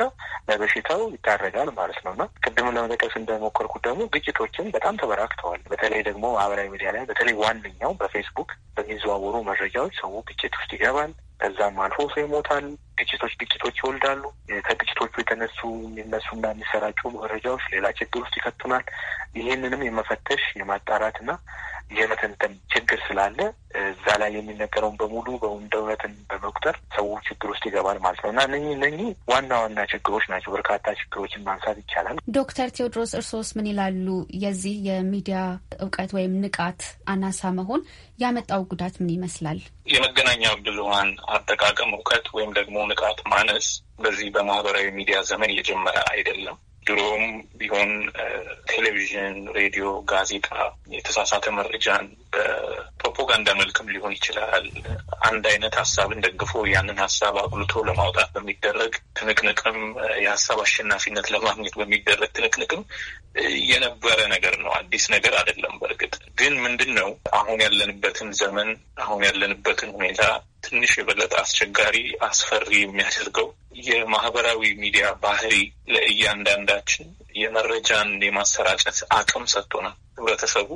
S6: ለበሽታው ይታረጋል ማለት ነው እና ቅድም ለመጠቀስ እንደሞከርኩት ደግሞ ግጭቶችን በጣም ተበራክተዋል። በተለይ ደግሞ ማህበራዊ ሚዲያ ላይ በተለይ ዋነኛው በፌስቡክ በሚዘዋወሩ መረጃዎች ሰው ግጭት ውስጥ ይገባል። ከዛም አልፎ ሰው ይሞታል። ግጭቶች ግጭቶች ይወልዳሉ። ከግጭቶቹ የተነሱ የሚነሱና የሚሰራጩ መረጃዎች ሌላ ችግር ውስጥ ይከቱናል። ይህንንም የመፈተሽ የማጣራትና የመተንተን ችግር ስላለ እዛ ላይ የሚነገረውን በሙሉ እንደ እውነትን በመቁጠር ሰው ችግር ውስጥ ይገባል ማለት ነው እና እነኚህ እነኚህ ዋና ዋና ችግሮች ናቸው። በርካታ ችግሮችን ማንሳት ይቻላል።
S13: ዶክተር ቴዎድሮስ እርሶስ ምን ይላሉ? የዚህ የሚዲያ እውቀት ወይም ንቃት አናሳ መሆን ያመጣው ጉዳት ምን ይመስላል?
S15: የመገናኛ ብዙኃን አጠቃቀም እውቀት ወይም ደግሞ ንቃት ማነስ በዚህ በማህበራዊ ሚዲያ ዘመን እየጀመረ አይደለም። ድሮም ቢሆን ቴሌቪዥን፣ ሬዲዮ፣ ጋዜጣ የተሳሳተ መረጃን በፕሮፓጋንዳ መልክም ሊሆን ይችላል። አንድ አይነት ሀሳብን ደግፎ ያንን ሀሳብ አጉልቶ ለማውጣት በሚደረግ ትንቅንቅም የሀሳብ አሸናፊነት ለማግኘት በሚደረግ ትንቅንቅም የነበረ ነገር ነው። አዲስ ነገር አይደለም። በእርግጥ ግን ምንድን ነው አሁን ያለንበትን ዘመን አሁን ያለንበትን ሁኔታ ትንሽ የበለጠ አስቸጋሪ አስፈሪ የሚያደርገው የማህበራዊ ሚዲያ ባህሪ ለእያንዳንዳችን የመረጃን የማሰራጨት አቅም ሰጥቶናል። ህብረተሰቡ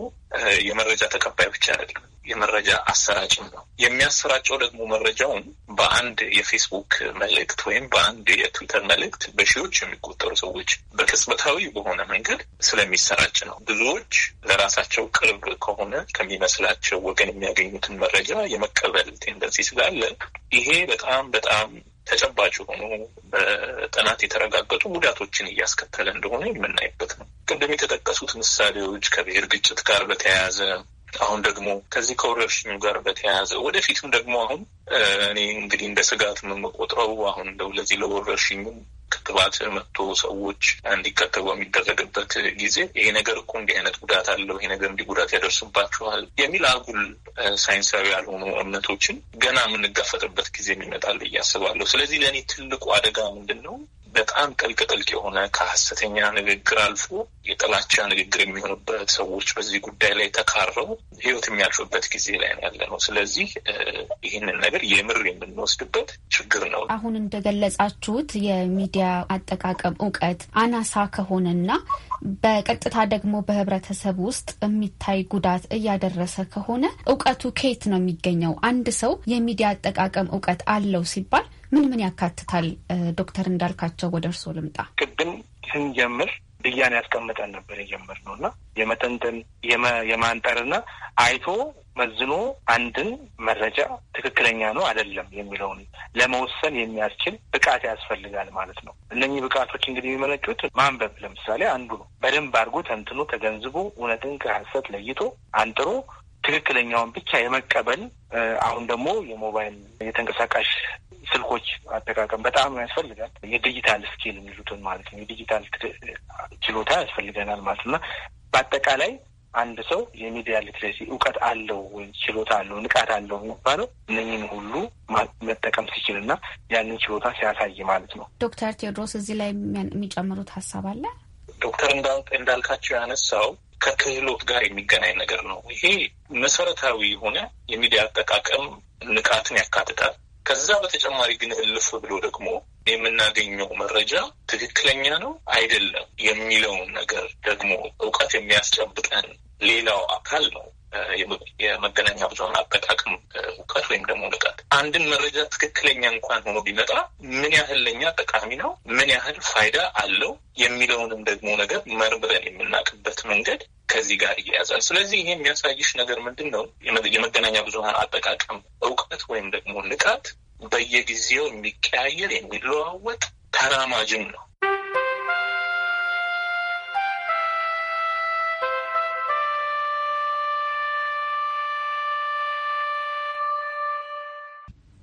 S15: የመረጃ ተቀባይ ብቻ አይደለም፣ የመረጃ አሰራጭም ነው። የሚያሰራጨው ደግሞ መረጃውን በአንድ የፌስቡክ መልእክት ወይም በአንድ የትዊተር መልእክት በሺዎች የሚቆጠሩ ሰዎች በቅጽበታዊ በሆነ መንገድ ስለሚሰራጭ ነው። ብዙዎች ለራሳቸው ቅርብ ከሆነ ከሚመስላቸው ወገን የሚያገኙትን መረጃ የመቀበል ቴንደንሲ ስለ ስላለ ይሄ በጣም በጣም ተጨባጭ የሆኑ በጥናት የተረጋገጡ ጉዳቶችን እያስከተለ እንደሆነ የምናይበት ነው። ቅድም የተጠቀሱት ምሳሌዎች ከብሔር ግጭት ጋር በተያያዘ አሁን ደግሞ ከዚህ ከወረርሽኙ ጋር በተያያዘ ወደፊትም ደግሞ አሁን እኔ እንግዲህ እንደ ስጋት የምንቆጥረው አሁን እንደው ለዚህ ለወረርሽኙ ክትባት መጥቶ ሰዎች እንዲከተቡ የሚደረግበት ጊዜ ይሄ ነገር እኮ እንዲህ አይነት ጉዳት አለው፣ ይሄ ነገር እንዲህ ጉዳት ያደርስባችኋል የሚል አጉል ሳይንሳዊ ያልሆኑ እምነቶችን ገና የምንጋፈጥበት ጊዜ ይመጣል ብዬ አስባለሁ። ስለዚህ ለእኔ ትልቁ አደጋ ምንድን ነው? በጣም ጥልቅ ጥልቅ የሆነ ከሀሰተኛ ንግግር አልፎ የጥላቻ ንግግር የሚሆንበት ሰዎች በዚህ ጉዳይ ላይ ተካረው ህይወት የሚያልፍበት ጊዜ ላይ ያለ ነው። ስለዚህ ይህንን ነገር የምር የምንወስድበት ችግር ነው።
S13: አሁን እንደገለጻችሁት የሚዲያ አጠቃቀም እውቀት አናሳ ከሆነና በቀጥታ ደግሞ በህብረተሰብ ውስጥ የሚታይ ጉዳት እያደረሰ ከሆነ እውቀቱ ከየት ነው የሚገኘው? አንድ ሰው የሚዲያ አጠቃቀም እውቀት አለው ሲባል ምን ምን ያካትታል? ዶክተር እንዳልካቸው ወደ እርስዎ ልምጣ።
S6: ቅድም ስንጀምር ብያን ያስቀምጠን ነበር የጀመርነው እና የመተንተን የማንጠርና አይቶ መዝኖ አንድን መረጃ ትክክለኛ ነው አይደለም የሚለውን ለመወሰን የሚያስችል ብቃት ያስፈልጋል ማለት ነው። እነኚህ ብቃቶች እንግዲህ የሚመነጩት ማንበብ ለምሳሌ አንዱ ነው። በደንብ አድርጎ ተንትኖ ተገንዝቦ እውነትን ከሐሰት ለይቶ አንጥሮ ትክክለኛውን ብቻ የመቀበል አሁን ደግሞ የሞባይል የተንቀሳቃሽ ስልኮች አጠቃቀም በጣም ያስፈልጋል። የዲጂታል ስኪል የሚሉትን ማለት ነው። የዲጂታል ችሎታ ያስፈልገናል ማለት እና በአጠቃላይ አንድ ሰው የሚዲያ ሊትሬሲ እውቀት አለው ወይም ችሎታ አለው ንቃት አለው የሚባለው እነኝን ሁሉ መጠቀም ሲችል እና
S15: ያንን ችሎታ ሲያሳይ ማለት ነው።
S13: ዶክተር ቴዎድሮስ እዚህ ላይ የሚጨምሩት ሀሳብ አለ?
S15: ዶክተር እንዳልካቸው ያነሳው ከክህሎት ጋር የሚገናኝ ነገር ነው። ይሄ መሰረታዊ የሆነ የሚዲያ አጠቃቀም ንቃትን ያካትታል። ከዛ በተጨማሪ ግን እልፍ ብሎ ደግሞ የምናገኘው መረጃ ትክክለኛ ነው አይደለም የሚለውን ነገር ደግሞ እውቀት የሚያስጨብጠን ሌላው አካል ነው። የመገናኛ ብዙሃን አጠቃቀም እውቀት ወይም ደግሞ ንቃት አንድን መረጃ ትክክለኛ እንኳን ሆኖ ቢመጣ ምን ያህል ለኛ ጠቃሚ ነው፣ ምን ያህል ፋይዳ አለው የሚለውንም ደግሞ ነገር መርምረን የምናውቅበት መንገድ ከዚህ ጋር እያያዛል። ስለዚህ ይሄ የሚያሳይሽ ነገር ምንድን ነው? የመገናኛ ብዙኃን አጠቃቀም እውቀት ወይም ደግሞ ንቃት በየጊዜው የሚቀያየር የሚለዋወጥ ተራማጅም ነው።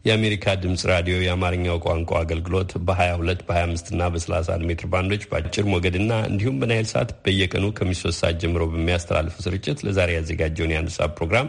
S2: የአሜሪካ ድምጽ ራዲዮ የአማርኛው ቋንቋ አገልግሎት በ22 በ25 እና በ31 ሜትር ባንዶች በአጭር ሞገድና እንዲሁም በናይል ሰዓት በየቀኑ ከሚሶስት ሰዓት ጀምሮ በሚያስተላልፈው ስርጭት ለዛሬ ያዘጋጀውን የአንድ ሰዓት ፕሮግራም